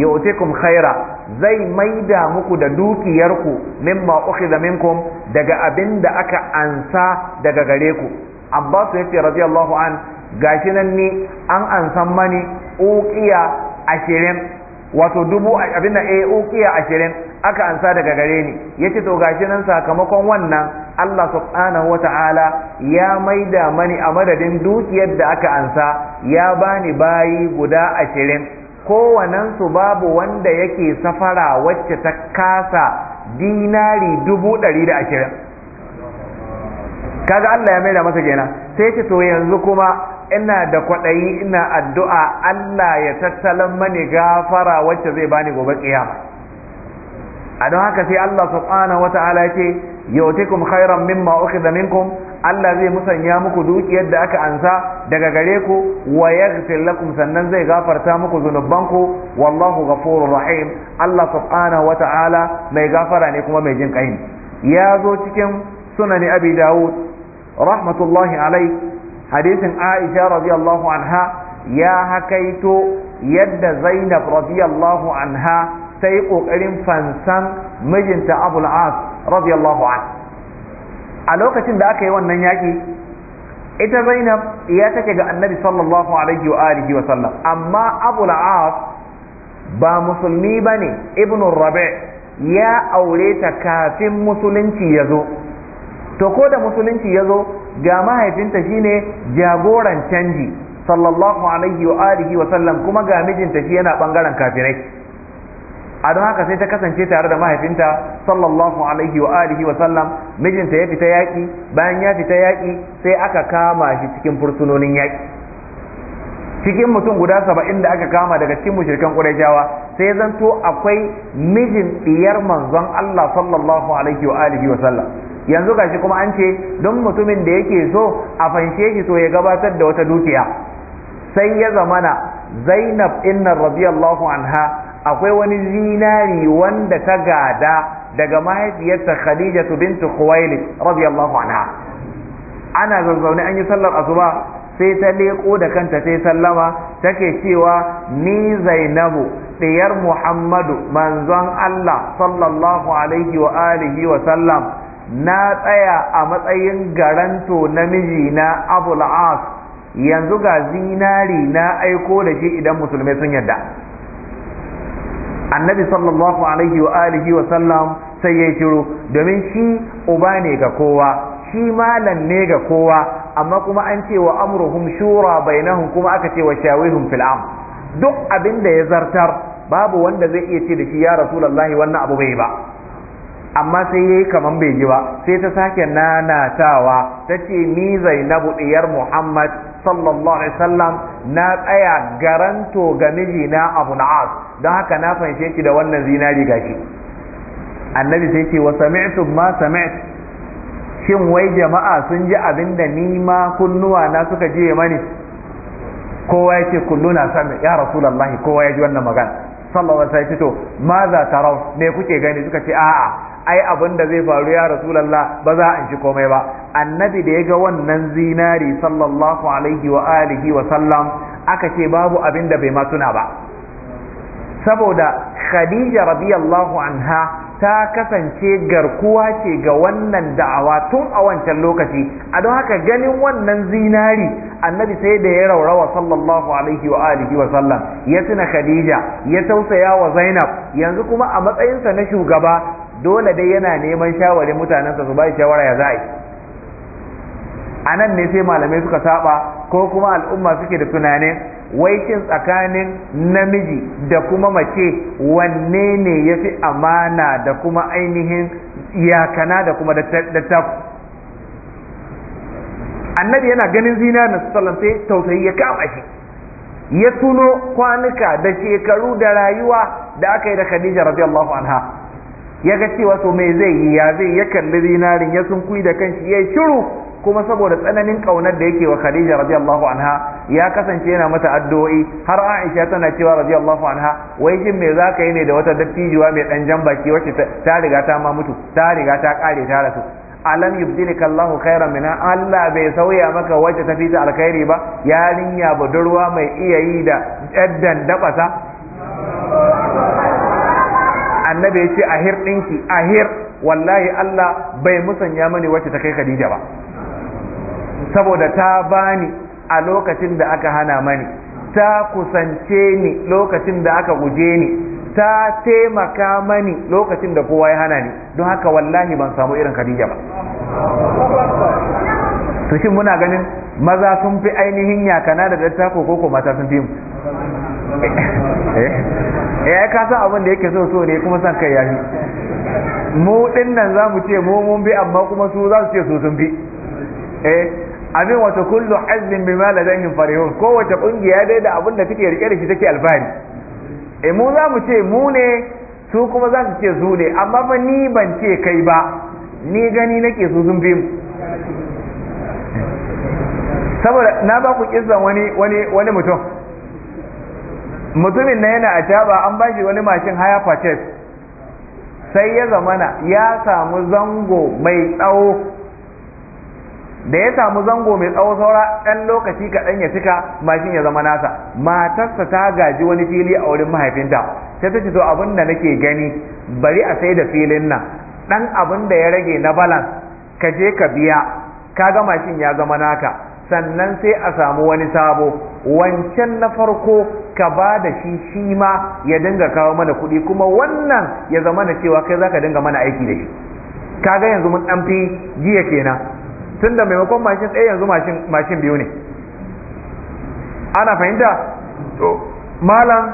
yu'tikum khaira zai maida muku da dukiyarku mimma ukhidha minkum daga abin da aka ansa daga gare ku Abbas yace radiyallahu an gashi nan ni an ansan mani uqiya ashirin wato dubu abin eh uqiya ashirin aka ansa daga gare ni yace to gashi nan sakamakon wannan Allah subhanahu wata'ala ya maida mani a madadin dukiyar da aka ansa ya bani bayi guda ashirin su babu wanda yake safara wacce ta kasa dinari dubu ɗari da ashirin kaga Allah ya maida masa kenan sai ce to yanzu kuma ina da kwaɗayi ina addu'a Allah ya tattalin mani gafara wacce zai bani gobe kiyama a don haka sai Allah subhanahu wa ta'ala ya ce yautikum khairan mimma ukhidha minkum Allah zai musanya muku dukiyar da aka ansa daga gare ku wa yaghfir lakum sannan zai gafarta muku zunubanku wallahu ghafurur rahim Allah subhanahu ta'ala mai gafara ne kuma mai jin kai ya zo cikin sunani abi dawud rahmatullahi alai hadisin aisha radiyallahu anha ya hakaito yadda zainab radiyallahu anha ta yi ƙoƙarin fansan mijinta abul as radiyallahu an a lokacin da aka yi wannan yaƙi ita zainab ya take ga annabi sallallahu alaihi wa alihi wa sallam amma abul as ba musulmi bane Ibn rabi' ya aure ta kafin musulunci ya zo to ko da musulunci ya zo ga mahaifinta shine jagoran canji sallallahu alaihi wa alihi wa sallam kuma ga mijinta shi yana bangaren kafirai a don haka sai ta kasance tare da mahaifinta sallallahu alaihi wa alihi wa sallam mijinta ya fita yaƙi bayan ya fita yaƙi sai aka kama shi cikin fursunonin yaƙi cikin mutum guda saba'in da aka kama daga cikin mushrikan ƙurajawa sai zanto akwai mijin ɗiyar manzon Allah sallallahu alaihi wa alihi wa sallam yanzu gashi kuma an ce don mutumin da yake so a fanshe shi so ya gabatar da wata dukiya sai ya zamana zainab inna radiyallahu anha akwai wani zinari wanda ta gada daga mahaifiyarta khadija bintu khuwailid radiyallahu anha ana zazzaune an yi sallar asuba sai ta leko da kanta sai sallama take cewa ni zainabu ɗiyar muhammadu manzon allah sallallahu alaihi wa alihi wa sallam na tsaya a matsayin garanto na mijina abul as yanzu ga zinari na aiko da shi idan musulmai sun yarda annabi sallallahu alaihi wa alihi wa sallam sai ya kiro domin shi uba ne ga kowa shi malam ne ga kowa amma kuma an ce wa amruhum shura bainahum kuma aka ce wa shawihum fil am duk abin da ya zartar babu wanda zai iya ce da shi ya rasulullahi wannan abu bai ba amma sai yayi kaman bai ji ba sai ta sake nanatawa tace ni Zainabu diyar Muhammad sallallahu alaihi wasallam na tsaya garanto ga mijina Abu Na'as don haka na fanshe ki da wannan zinari gashi annabi sai ce wa sami'tu ma sami't shin wai jama'a sun ji abinda da ni ma kunnuwa na suka je mani kowa ya kulluna sami ya rasulullahi kowa ya wannan magana sallallahu alaihi wasallam ma za ta me kuke gani suka ce a'a ai abin da zai faru ya rasulullah ba za a ci komai ba annabi da ya ga wannan zinari sallallahu alaihi wa alihi wa sallam aka ce babu abin da bai ma tuna ba saboda khadija radiyallahu anha ta kasance garkuwa ce ga wannan da'awa tun a wancan lokaci a don haka ganin wannan zinari annabi sai da ya raurawa sallallahu alaihi wa alihi wa sallam ya tuna khadija ya tausaya wa zainab yanzu kuma a matsayinsa na shugaba dole dai yana neman shawarin mutanensa su bai shawara ya za'i a nan ne sai malamai suka saba ko kuma al'umma suke da tunanin waikin tsakanin namiji da kuma mace wanne ne ya amana da kuma ainihin iyakana da kuma dattaku annabi yana ganin zinarin sallan sai tausayi ya kama shi ya tuno kwanuka da shekaru da rayuwa da aka yi da khadija radiyallahu anha ya ga cewa to me zai yi ya zai ya kalli zinarin ya sunkui da kanshi ya shiru kuma saboda tsananin kaunar da yake wa Khadija radiyallahu anha ya kasance yana mata addu'o'i har Aisha tana cewa radiyallahu anha wai shin me zaka yi ne da wata dattijuwa mai dan jan baki wacce ta riga ta ma mutu ta riga ta kare ta rasu alam yubdilika Allah khairan minha Allah bai sauya maka wacce ta fita alkhairi ba yarinya budurwa mai iya yi da daddan dabasa annabi ya ce ahir ɗinki ahir wallahi Allah bai musanya mani wacce ta kai Khadija ba saboda ta bani a lokacin da aka hana mani ta kusance ni lokacin da aka guje ni ta taimaka mani lokacin da kowa ya hana ni don haka wallahi ban samu irin Khadija ba to shin muna ganin maza sun fi ainihin yakana da dattako ko ko mata sun fi mu eh. ya eh, ka san abin da yake so so ne kuma san kai ya fi mu din nan za mu ce mu mun bi amma kuma su za su ce su sun bi eh abin wata kullu hazbin bima ladayhim farihun kowace kungiya dai da abin da take rike da shi take alfahari eh mu za mu ce mu ne su kuma za su ce su ne amma ba ni ban ce kai ba ni gani nake su sun bi mu saboda na ba ku kizzan wani wani wani mutum mutumin na yana a caba an bashi wani mashin haya purchase sai ya zamana ya samu zango mai tsawo da ya samu zango mai tsawo saura ɗan lokaci kaɗan ya cika mashin ya zama nasa matarsa ta gaji wani fili a wurin mahaifinta sai ta ce to abin da nake gani bari a sai da filin nan ɗan abin da ya rage na balance ka je ka biya ka ga mashin ya zama naka sannan sai a samu wani sabo wancan na farko ka ba da shi shi ma ya dinga kawo mana kuɗi kuma wannan ya zama da cewa kai za ka dinga mana aiki da shi kaga yanzu mun ɗan fi jiya kenan tunda maimakon mashin ɗaya yanzu mashin biyu ne ana fahimta malam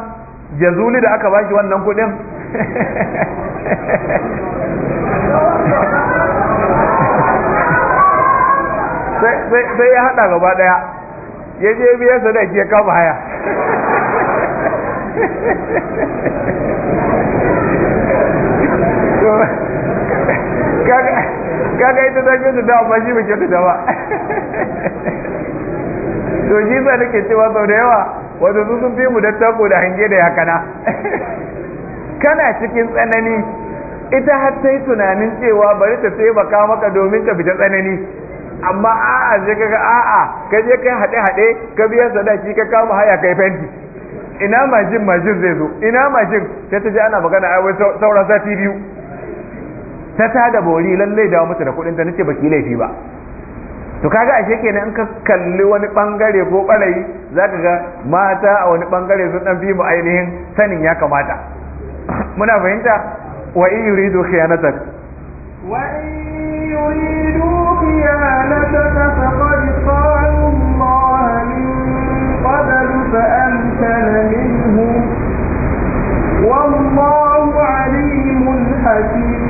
jazuli da aka bashi wannan kuɗin (laughs) sai ya haɗa gaba ɗaya ya je biyan da ke kama haya kaga ita ta kyautu da amma shi bai kyautu da ba to shi sa nake cewa sau da yawa wato su sun fi mu tako da hange da yakana kana cikin tsanani ita har sai tunanin cewa bari ta taimaka maka domin ka fita tsanani amma a'a sai kaga a'a ka je kai haɗe haɗe ka biya sadaki ka kama haya kai fenti ina majin majin zai zo ina majin sai ta je ana magana ai wai saura sati biyu ta ta da bori lallai dawo mata da kudin ta nace baki laifi ba to kaga ashe kenan in ka kalli wani bangare ko barayi zaka ga mata a wani bangare sun dan bi mu ainihin sanin ya kamata (coughs) muna fahimta wa in yuridu khiyanatak wa in yuridu خيانتك فقد خانوا الله من قبل فأمكن منهم والله عليم حكيم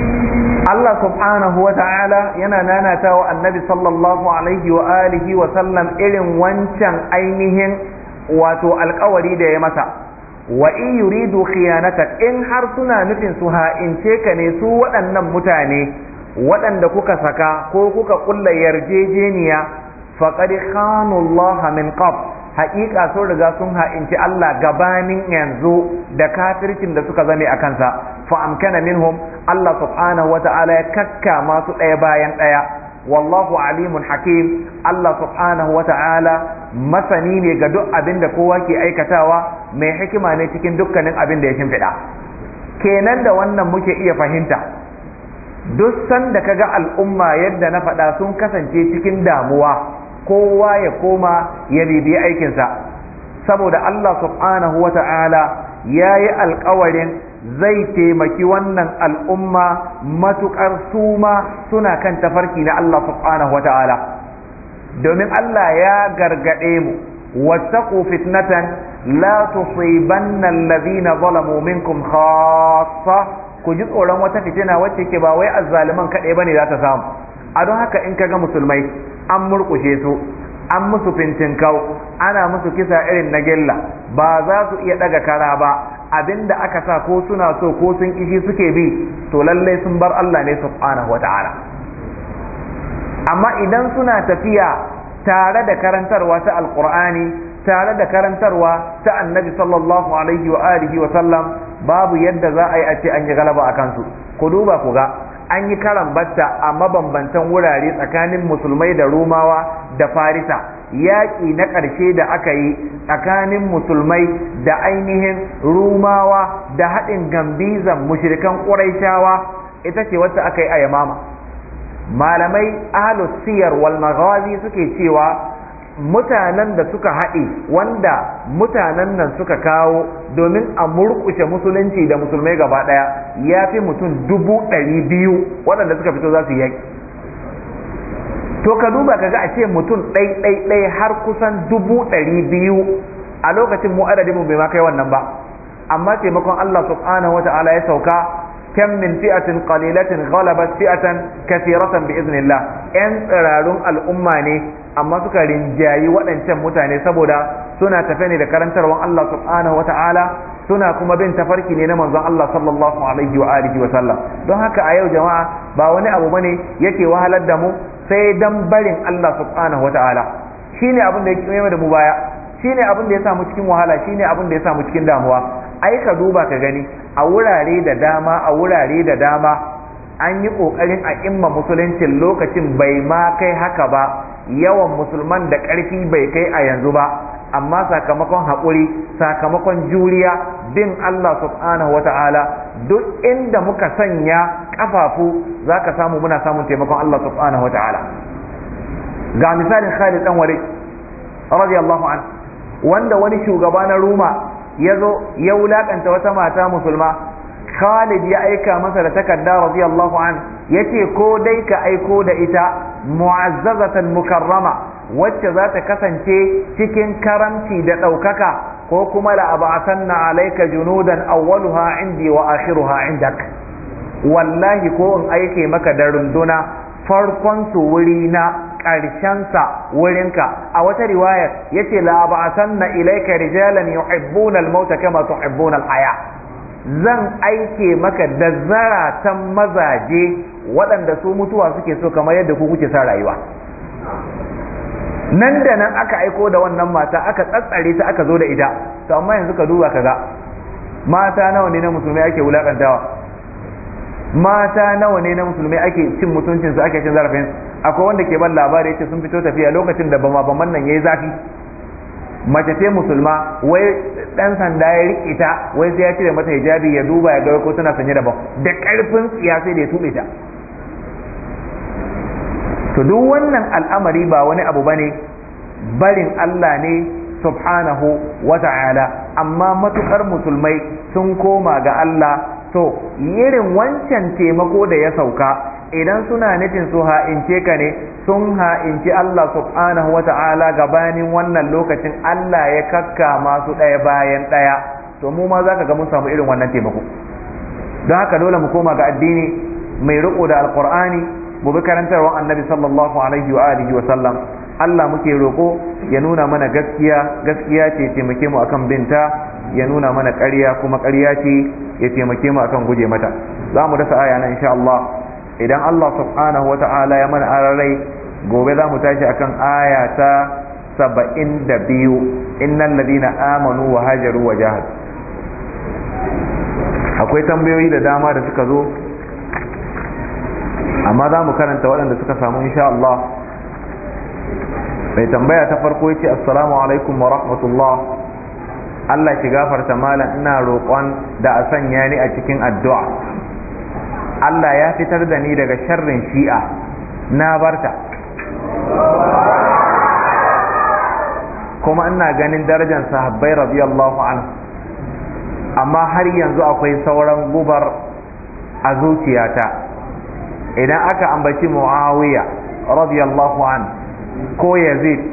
Allah subhanahu wa ta'ala yana nanata wa annabi sallallahu alaihi wa alihi wa sallam irin wancan ainihin wato alkawari da ya masa wa in yuridu khiyanaka in har suna nufin su ha'ince ka ne su waɗannan mutane waɗanda kuka saka ko kuka ƙulla yarjejeniya faqad khanu Allah min qab haƙiƙa sun riga sun ha'inci Allah gabanin yanzu da kafircin da suka zame a kansa fa amkana minhum Allah subhanahu wa ta'ala ya kakka masu ɗaya bayan ɗaya wallahu alimun hakim Allah subhanahu wa ta'ala masani ne ga duk abin da kowa ke aikatawa mai hikima ne cikin dukkanin abin da ya shimfiɗa kenan da wannan muke iya fahimta duk sanda kaga al'umma yadda na faɗa sun kasance cikin damuwa kowa ya koma ya bibiyi aikinsa saboda Allah subhanahu wa ta'ala ya yi alkawarin zai taimaki wannan al'umma matuƙar suma suna kan tafarki na Allah subhanahu wa ta'ala domin Allah ya gargaɗe mu wattaqu fitnatan la tusibanna alladhina zalamu minkum khassa ku ji tsoron wata fitina wacce ke ba wai azzaliman kaɗai bane za ta samu a don haka in ka ga musulmai an murƙushe su an musu fintin kau, ana musu kisa irin na gilla ba za su iya ɗaga kara ba abinda aka sa ko suna so ko sun kishi suke bi to lallai sun bar Allah ne subhanahu wata'ala amma idan suna tafiya tare da karantarwa ta Alƙur'ani tare da karantarwa ta annabi sallallahu alaihi wa alihi wa sallam babu yadda za a yi a ce an yi galaba a kansu ku duba ku ga an yi karan batta a mabambantan wurare tsakanin musulmai da rumawa da farisa yaƙi na ƙarshe da aka yi tsakanin musulmai da ainihin rumawa da haɗin gambizan mushrikan ƙuraishawa ita ce wacce aka yi a yamama malamai ahlus siyar wal suke cewa mutanen da suka haɗe wanda mutanen nan suka kawo domin a murƙushe musulunci da musulmai gaba ɗaya ya fi mutum dubu ɗari biyu waɗanda suka fito za su yaƙi to ka duba ka ga a ce mutum ɗaiɗaiɗai har kusan dubu ɗari biyu a lokacin mu adadin mu bai ma kai wannan ba amma taimakon Allah subhanahu ta'ala ya sauka كم من فئة قليلة غلبت فئة كثيرة بإذن الله أن ترارون الأمة أما سكرين جاي وأن تموتاني سبودا سنة تفني ذكرن تروان الله سبحانه وتعالى suna kuma bin tafarki ne na manzon Allah sallallahu alaihi wa alihi wa sallam don haka a yau jama'a ba wani abu bane yake wahalar da mu sai dan barin Allah subhanahu wataala shine abin da yake mai da mu baya shine abin da ya samu cikin wahala shine abin da ya samu cikin damuwa ai ka duba ka gani a wurare da dama a wurare da dama an yi ƙoƙarin a imma musuluncin lokacin bai ma kai haka ba yawan musulman da ƙarfi bai kai a yanzu ba amma sakamakon haƙuri sakamakon juriya bin Allah subhanahu wata'ala duk inda muka sanya ƙafafu za ka samu muna samun taimakon Allah subhanahu wata'ala ga misalin Khalid dan Walid radiyallahu an wanda wani shugaba na ruma. ya zo ya wulakanta wata mata musulma Khalid ya aika masa da takarda radiyallahu an yace ko dai ka aiko da ita mu'azzazatan mukarrama wacce za ta kasance cikin karamci da ɗaukaka ko kuma la ab'athanna alayka junudan awwaluha indi wa akhiruha indak wallahi ko in aike maka da runduna farkonsu wuri na ƙarshensa wurinka a wata riwaya, yace ce la'aba'asan na ilaika rijalan yuhibbuna al-mauta kama tuhibbuna al-haya zan aike maka da zaratan mazaje waɗanda su mutuwa suke so kamar yadda ku kuke sa rayuwa nan da nan aka aiko da wannan mata aka tsatsare ta aka zo da ita to amma yanzu ka duba kaza. mata nawa ne na musulmai ake wulaƙantawa? mata nawa ne na musulmai ake cin mutuncinsu ake cin zarafin akwai wanda ke ban labari yace sun fito tafiya lokacin da bama baman nan yi zafi mace ce musulma wai dan sanda ya rike ta wai sai ya cire mata hijabi ya duba ya ga ko tana sanye da ba da karfin ya sai da ya tube ta to duk wannan al'amari ba wani abu bane barin Allah ne subhanahu wa ta'ala amma matukar musulmai sun koma ga Allah to irin wancan taimako da ya sauka idan suna nufin su ha'ince ka ne sun ha'inci Allah subhanahu wa ta'ala gabanin wannan lokacin Allah ya kakka masu ɗaya bayan ɗaya to mu ma za ka ga mun samu irin wannan taimako don haka dole mu koma ga addini mai riko da alkur'ani mu bi karantarwar annabi sallallahu alaihi wa alihi wa sallam Allah muke roko ya nuna mana gaskiya gaskiya ce taimake mu akan binta ya nuna mana ƙarya kuma ƙarya ce ya taimake mu akan guje mata za mu dasa aya na insha Allah idan Allah subhanahu wa ta'ala ya mana ararai gobe za mu tashi akan aya ta saba'in da biyu innan ladina amanu wa hajaru wa jahad akwai tambayoyi da dama da suka zo amma za mu karanta waɗanda suka samu insha Allah mai tambaya ta farko ya ce assalamu alaikum wa rahmatullah Allah ki gafarta malam ina roƙon da a sanya ni a cikin addu'a Allah ya fitar da ni daga sharrin shi'a na barta kuma ina ganin darajar sahabbai radiyallahu anhu amma har yanzu akwai sauran gubar a zuciyata idan aka ambaci muawiya radiyallahu anhu ko yazid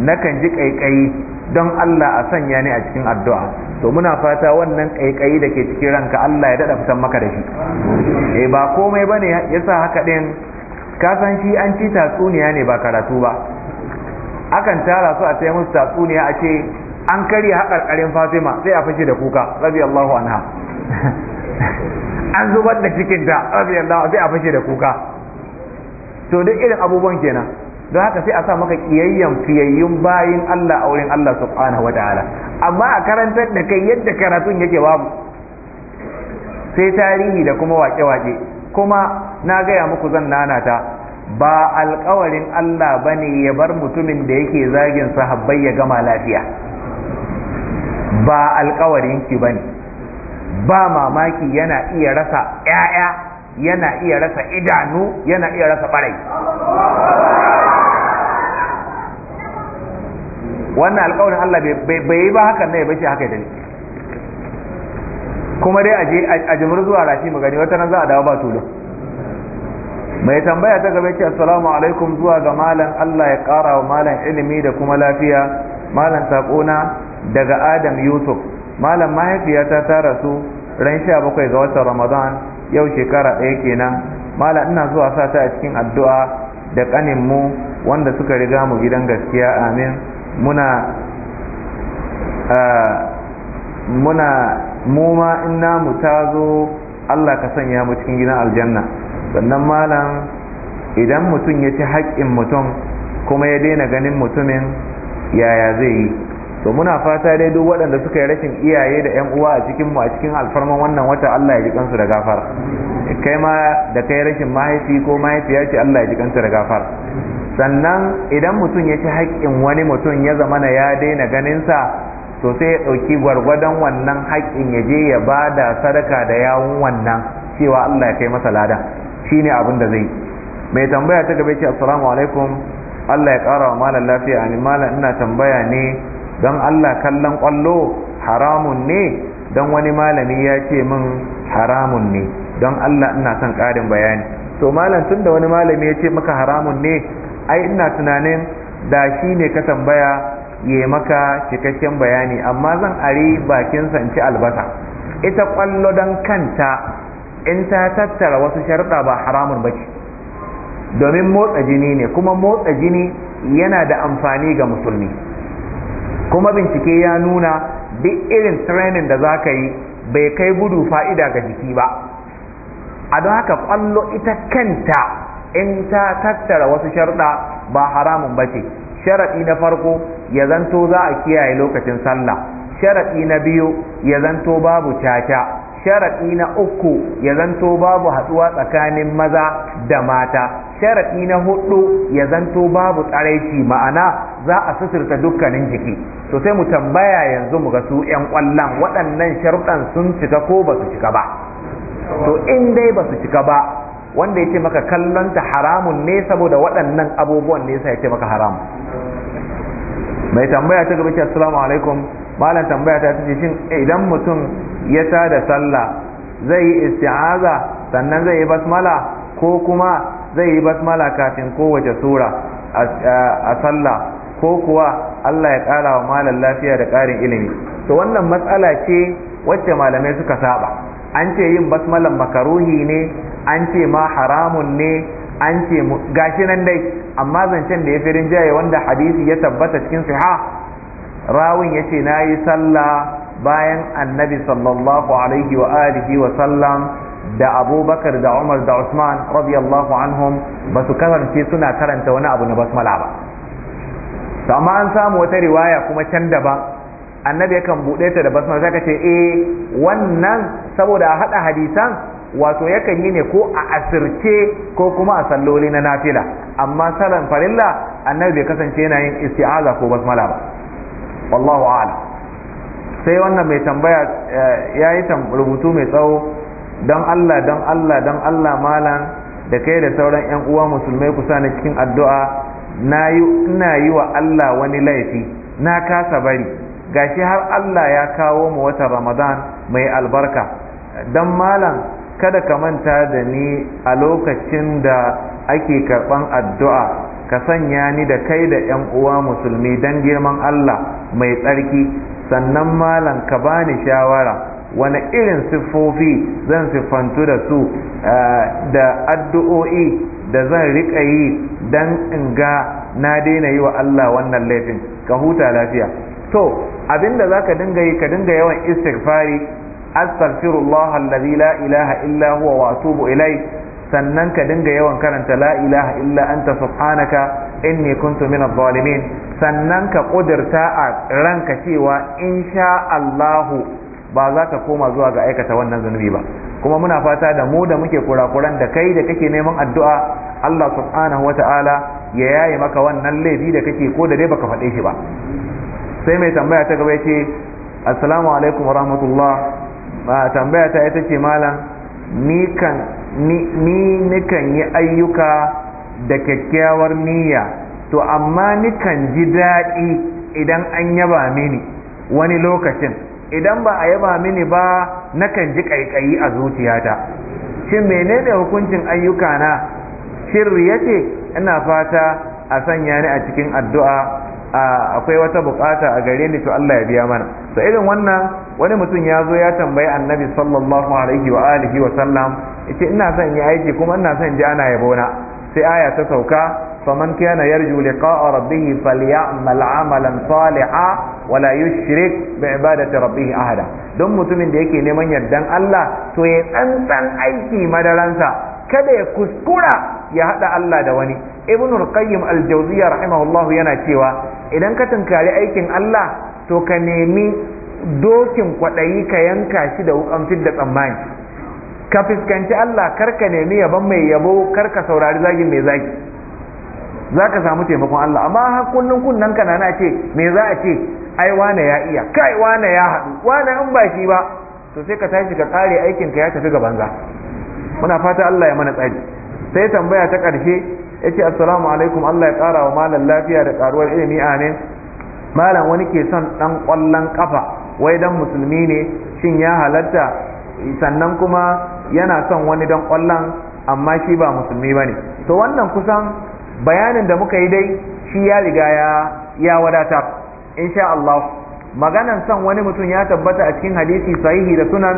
nakan ji ƙaiƙayi don Allah a sanya ne a cikin addu'a to muna fata wannan kaikayi da ke cikin ranka Allah ya dada fitan maka da shi E ba komai ba ne ya sa haka din ka san shi an ci tatsuniya ne ba karatu ba akan tara su a sai musu tatsuniya a ce an karya haƙarƙarin Fatima sai a fashe da kuka rabi Allahu anha (laughs) an zubar da cikinta radiyallahu sai a fashe da kuka to duk irin abubuwan kenan don haka sai a sa maka kiyayyen fiyayyun bayin Allah a wurin Allah subhanahu wataala amma a karantar da kai yadda karatun yake babu sai tarihi da kuma wake-wake kuma na gaya muku zan nanata ba alkawarin Allah ba ne ya bar mutumin da yake zagin sahabbai ya gama lafiya ba alkawarin ki ba ne ba mamaki yana iya rasa ‘ya'ya yana iya rasa idanu yana iya rasa ɓarai wannan alƙawarin Allah bai yi ba hakan ne bai ce haka da ni kuma dai aje a jimur zuwa rashi mu gani wata nan za a dawo ba tulu mai tambaya ta gaba ce assalamu alaikum zuwa ga malam Allah ya ƙara wa malam ilimi da kuma lafiya malam sakona daga Adam Yusuf malam mahaifiyata ta rasu ran sha bakwai ga watan Ramadan yau shekara ɗaya kenan malam ina zuwa sa ta a cikin addu'a da ƙaninmu mu wanda suka riga mu gidan gaskiya amin muna muna muma in na ta zo Allah ka sanya mu cikin gidan aljanna sannan malam idan mutum ya ci haƙƙin mutum kuma ya daina ganin mutumin yaya zai yi to muna fata dai duk waɗanda suka yi rashin iyaye da yan uwa a cikin mu a cikin alfarman wannan wata Allah ya ji kansu da gafara kai ma da kai rashin mahaifi ko mahaifiya ce Allah ya ji kansu da gafar. sannan idan mutum ya ci haƙƙin wani mutum ya zama na ya daina ganinsa to sai ya ɗauki gwargwadon wannan haƙƙin ya je ya ba da sadaka da yawun wannan cewa Allah ya kai masa lada shi ne abin da zai mai tambaya ta gaba ce assalamu alaikum Allah ya ƙara wa malam lafiya a malam ina tambaya ne don Allah kallon ƙwallo haramun ne don wani malami ya ce min haramun ne don Allah ina son ƙarin bayani to malam tunda wani malami ya ce maka haramun ne ai ina tunanin da shi ne ka tambaya ya maka cikakken bayani amma zan ari bakin sanci albasa ita kwallo don kanta in ta tattara wasu sharɗa ba haramun ba ce domin motsa jini ne kuma motsa jini yana da amfani ga musulmi kuma bincike ya nuna duk irin training da za ka yi bai kai gudu fa'ida ga jiki ba a don haka kwallo ita kanta in ta tattara wasu sharɗa ba haramun ba ce sharaɗi na farko ya zanto za a kiyaye lokacin sallah sharaɗi na biyu ya zanto babu caca sharaɗi na uku ya zanto babu haɗuwa tsakanin maza da mata sharaɗi na hudu ya zanto babu tsaraici ma'ana za a suturta dukkanin jiki to sai mu tambaya yanzu mu ga su 'yan ƙwallon waɗannan sharuɗan sun cika ko ba su cika ba to in dai ba su cika ba wanda ya ce maka kallonta haramun ne saboda waɗannan abubuwan ne sai ya ce maka haramun mai tambaya ta gaba ce assalamu alaikum malam tambaya ta ce shin idan mutum ya sa da sallah zai yi isti'aza sannan zai yi basmala ko kuma zai yi basmala kafin kowace sura a sallah ko kuwa Allah ya ƙara wa malam lafiya da ƙarin ilimi to wannan matsala ce wacce malamai suka saba an ce yin basmalan makaruhi ne an ce ma haramun ne an ce gashi nan dai amma zancen da ya fi rinjaye wanda hadisi ya tabbata cikin siha rawin ya ce na yi sallah bayan annabi sallallahu alaihi wa alihi wa sallam da abubakar da umar da usman radiyallahu anhum ba su kasance suna karanta wani abu na basmala ba amma an samu wata riwaya kuma can daban annabi yakan buɗe ta da basmala sai ka ce eh wannan saboda a haɗa hadisan wato yakan yi ne ko a asirce ko kuma a salloli na nafila amma salan farilla annabi bai kasance yana yin isti'aza ko basmala ba wallahu a'lam sai wannan mai tambaya eh, ya yi rubutu mai tsawo don Allah don Allah don Allah malam da kai da sauran 'yan uwa musulmai kusa na cikin addu'a na yi wa Allah wani laifi na kasa bari gashi har Allah ya kawo mu watan Ramadan mai albarka dan malam kada ka manta da ni a lokacin da ake karban addu'a ka sanya ni da kai da 'yan uwa musulmi dan girman Allah mai tsarki sannan malam ka bani shawara wani irin siffofi zan siffantu da su eh, da addu'o'i da zan riƙa yi don in ga na daina yi wa Allah wannan laifin ka huta lafiya to abinda zaka dinga yi ka dinga yawan istighfari astaghfirullah alladhi la ilaha illa huwa wa atubu ilai sannan ka dinga yawan karanta la ilaha illa anta subhanaka inni kuntu minadh zalimin sannan ka kudirta a ranka cewa insha Allah ba za ka koma zuwa ga aikata wannan zunubi ba kuma muna fata da mu da muke kurakuran da kai da kake neman addu'a Allah subhanahu wata'ala ya yaye maka wannan laifi da kake ko da dai baka faɗe shi ba sai mai tambaya ta gaba ce, assalamu alaikum warahmatullah ba tambaya ta ita ce malam ni nikan yi ayyuka da kyakkyawar niyya to amma nikan ji daɗi idan an yaba mini wani lokacin idan ba a yaba mini ba nakan ji ƙaiƙayi a zuciyata shin menene hukuncin ayyukana shirri ya ce ina fata a sanya ni a cikin addu'a akwai wata bukata a gare ni to Allah ya biya mana to irin wannan wani mutum ya zo ya tambayi annabi sallallahu alaihi wa alihi wa sallam yace ina son yi aiki kuma ina son ji ana yabona sai aya ta sauka faman kana yarju liqa'a rabbih falyamal amalan salihan wala yushrik bi ibadati rabbih ahada don mutumin da yake neman yardan Allah to ya tsantsan aiki madaransa kada ya kuskura ya hada Allah da wani Ibn qayyim al-jawziya rahimahullahu yana cewa idan ka tunkari aikin Allah to ka nemi dokin kwaɗayi ka yanka shi da wukan fidda tsammani ka fuskanci Allah kar ka nemi yaban mai yabo kar ka saurari zagin mai zagi za ka samu taimakon Allah amma har kullum kunnan ka na ce me za a ce ai wane ya iya kai wane ya haɗu wane in ba shi ba to sai ka tashi ka kare aikin ka ya tafi ga banza muna fata Allah ya mana tsari sai tambaya ta ƙarshe yace assalamu alaikum Allah ya kara wa malam lafiya da karuwar ilimi amin malam wani ke son dan kwallon kafa wai dan musulmi ne shin ya halatta sannan kuma yana son wani dan kwallon amma shi ba musulmi bane to wannan kusan bayanin da muka yi dai shi ya riga ya ya wadata insha Allah maganan son wani mutum ya tabbata a cikin hadisi sahihi da sunan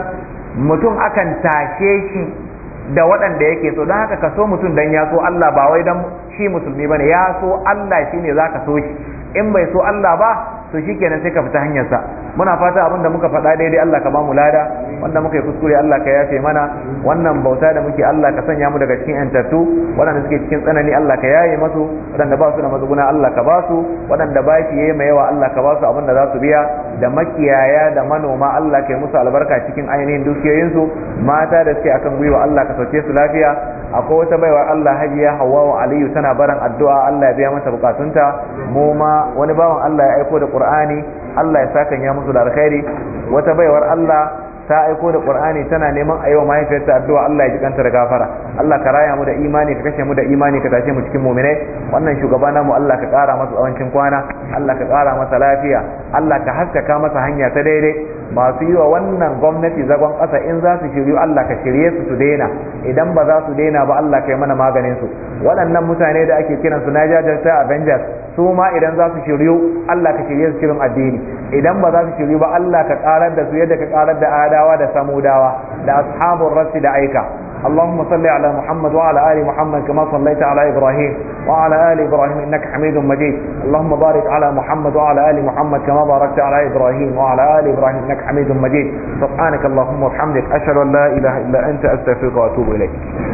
mutum akan tashe shi da waɗanda yake so don haka ka so mutum dan ya so Allah ba wai dan shi musulmi bane ya so Allah shi shine zaka so shi in bai so Allah ba to kenan sai ka fita hanyarsa muna fata abin da muka faɗa daidai Allah ka bamu lada wanda muka yi kuskure Allah ka yafe mana wannan bauta da muke Allah ka sanya mu daga cikin yantattu waɗanda suke cikin tsanani Allah ka yaye masu waɗanda ba su da mazuguna Allah ka ba su waɗanda ba shi yayi mai yawa Allah ka ba su abin da za su biya da makiyaya da manoma Allah ka yi musu albarka cikin ainihin dukiyoyinsu mata da suke akan gwiwa Allah ka sauke su lafiya akwai wata baiwa Allah hajiya Hawwa Aliyu tana baran addu'a Allah ya biya mata bukatunta mu ma wani bawan Allah ya aiko da alkur'ani Allah ya saka ya musu da alkhairi wata baiwar Allah ta aiko da qur'ani tana neman a yi wa mahaifiyarta addu'a Allah ya ji kanta da gafara Allah ka raya mu da imani ka kashe mu da imani ka tashe mu cikin mu'minai wannan shugaba namu Allah ka kara masa tsawancin kwana Allah ka kara masa lafiya Allah ka haskaka masa hanya ta daidai masu yi wa wannan gwamnati zagon ƙasa in za su shiryu Allah ka shirye su su daina idan ba za su daina ba Allah ka yi mana maganin su waɗannan mutane da ake kiran su Niger Delta Avengers su ma idan za su shiryu Allah ka shirye su shirin addini idan ba za su shiryu ba Allah ka karar da su yadda ka karar da ada adawa da samudawa da ashabun rassi da aika اللهم صل على محمد وعلى آل محمد كما صليت على إبراهيم وعلى آل إبراهيم إنك حميد مجيد اللهم بارك على محمد وعلى آل محمد كما باركت على إبراهيم وعلى آل إبراهيم إنك حميد مجيد سبحانك اللهم وبحمدك أشهد أن لا إله إلا أنت أستغفرك وأتوب إليك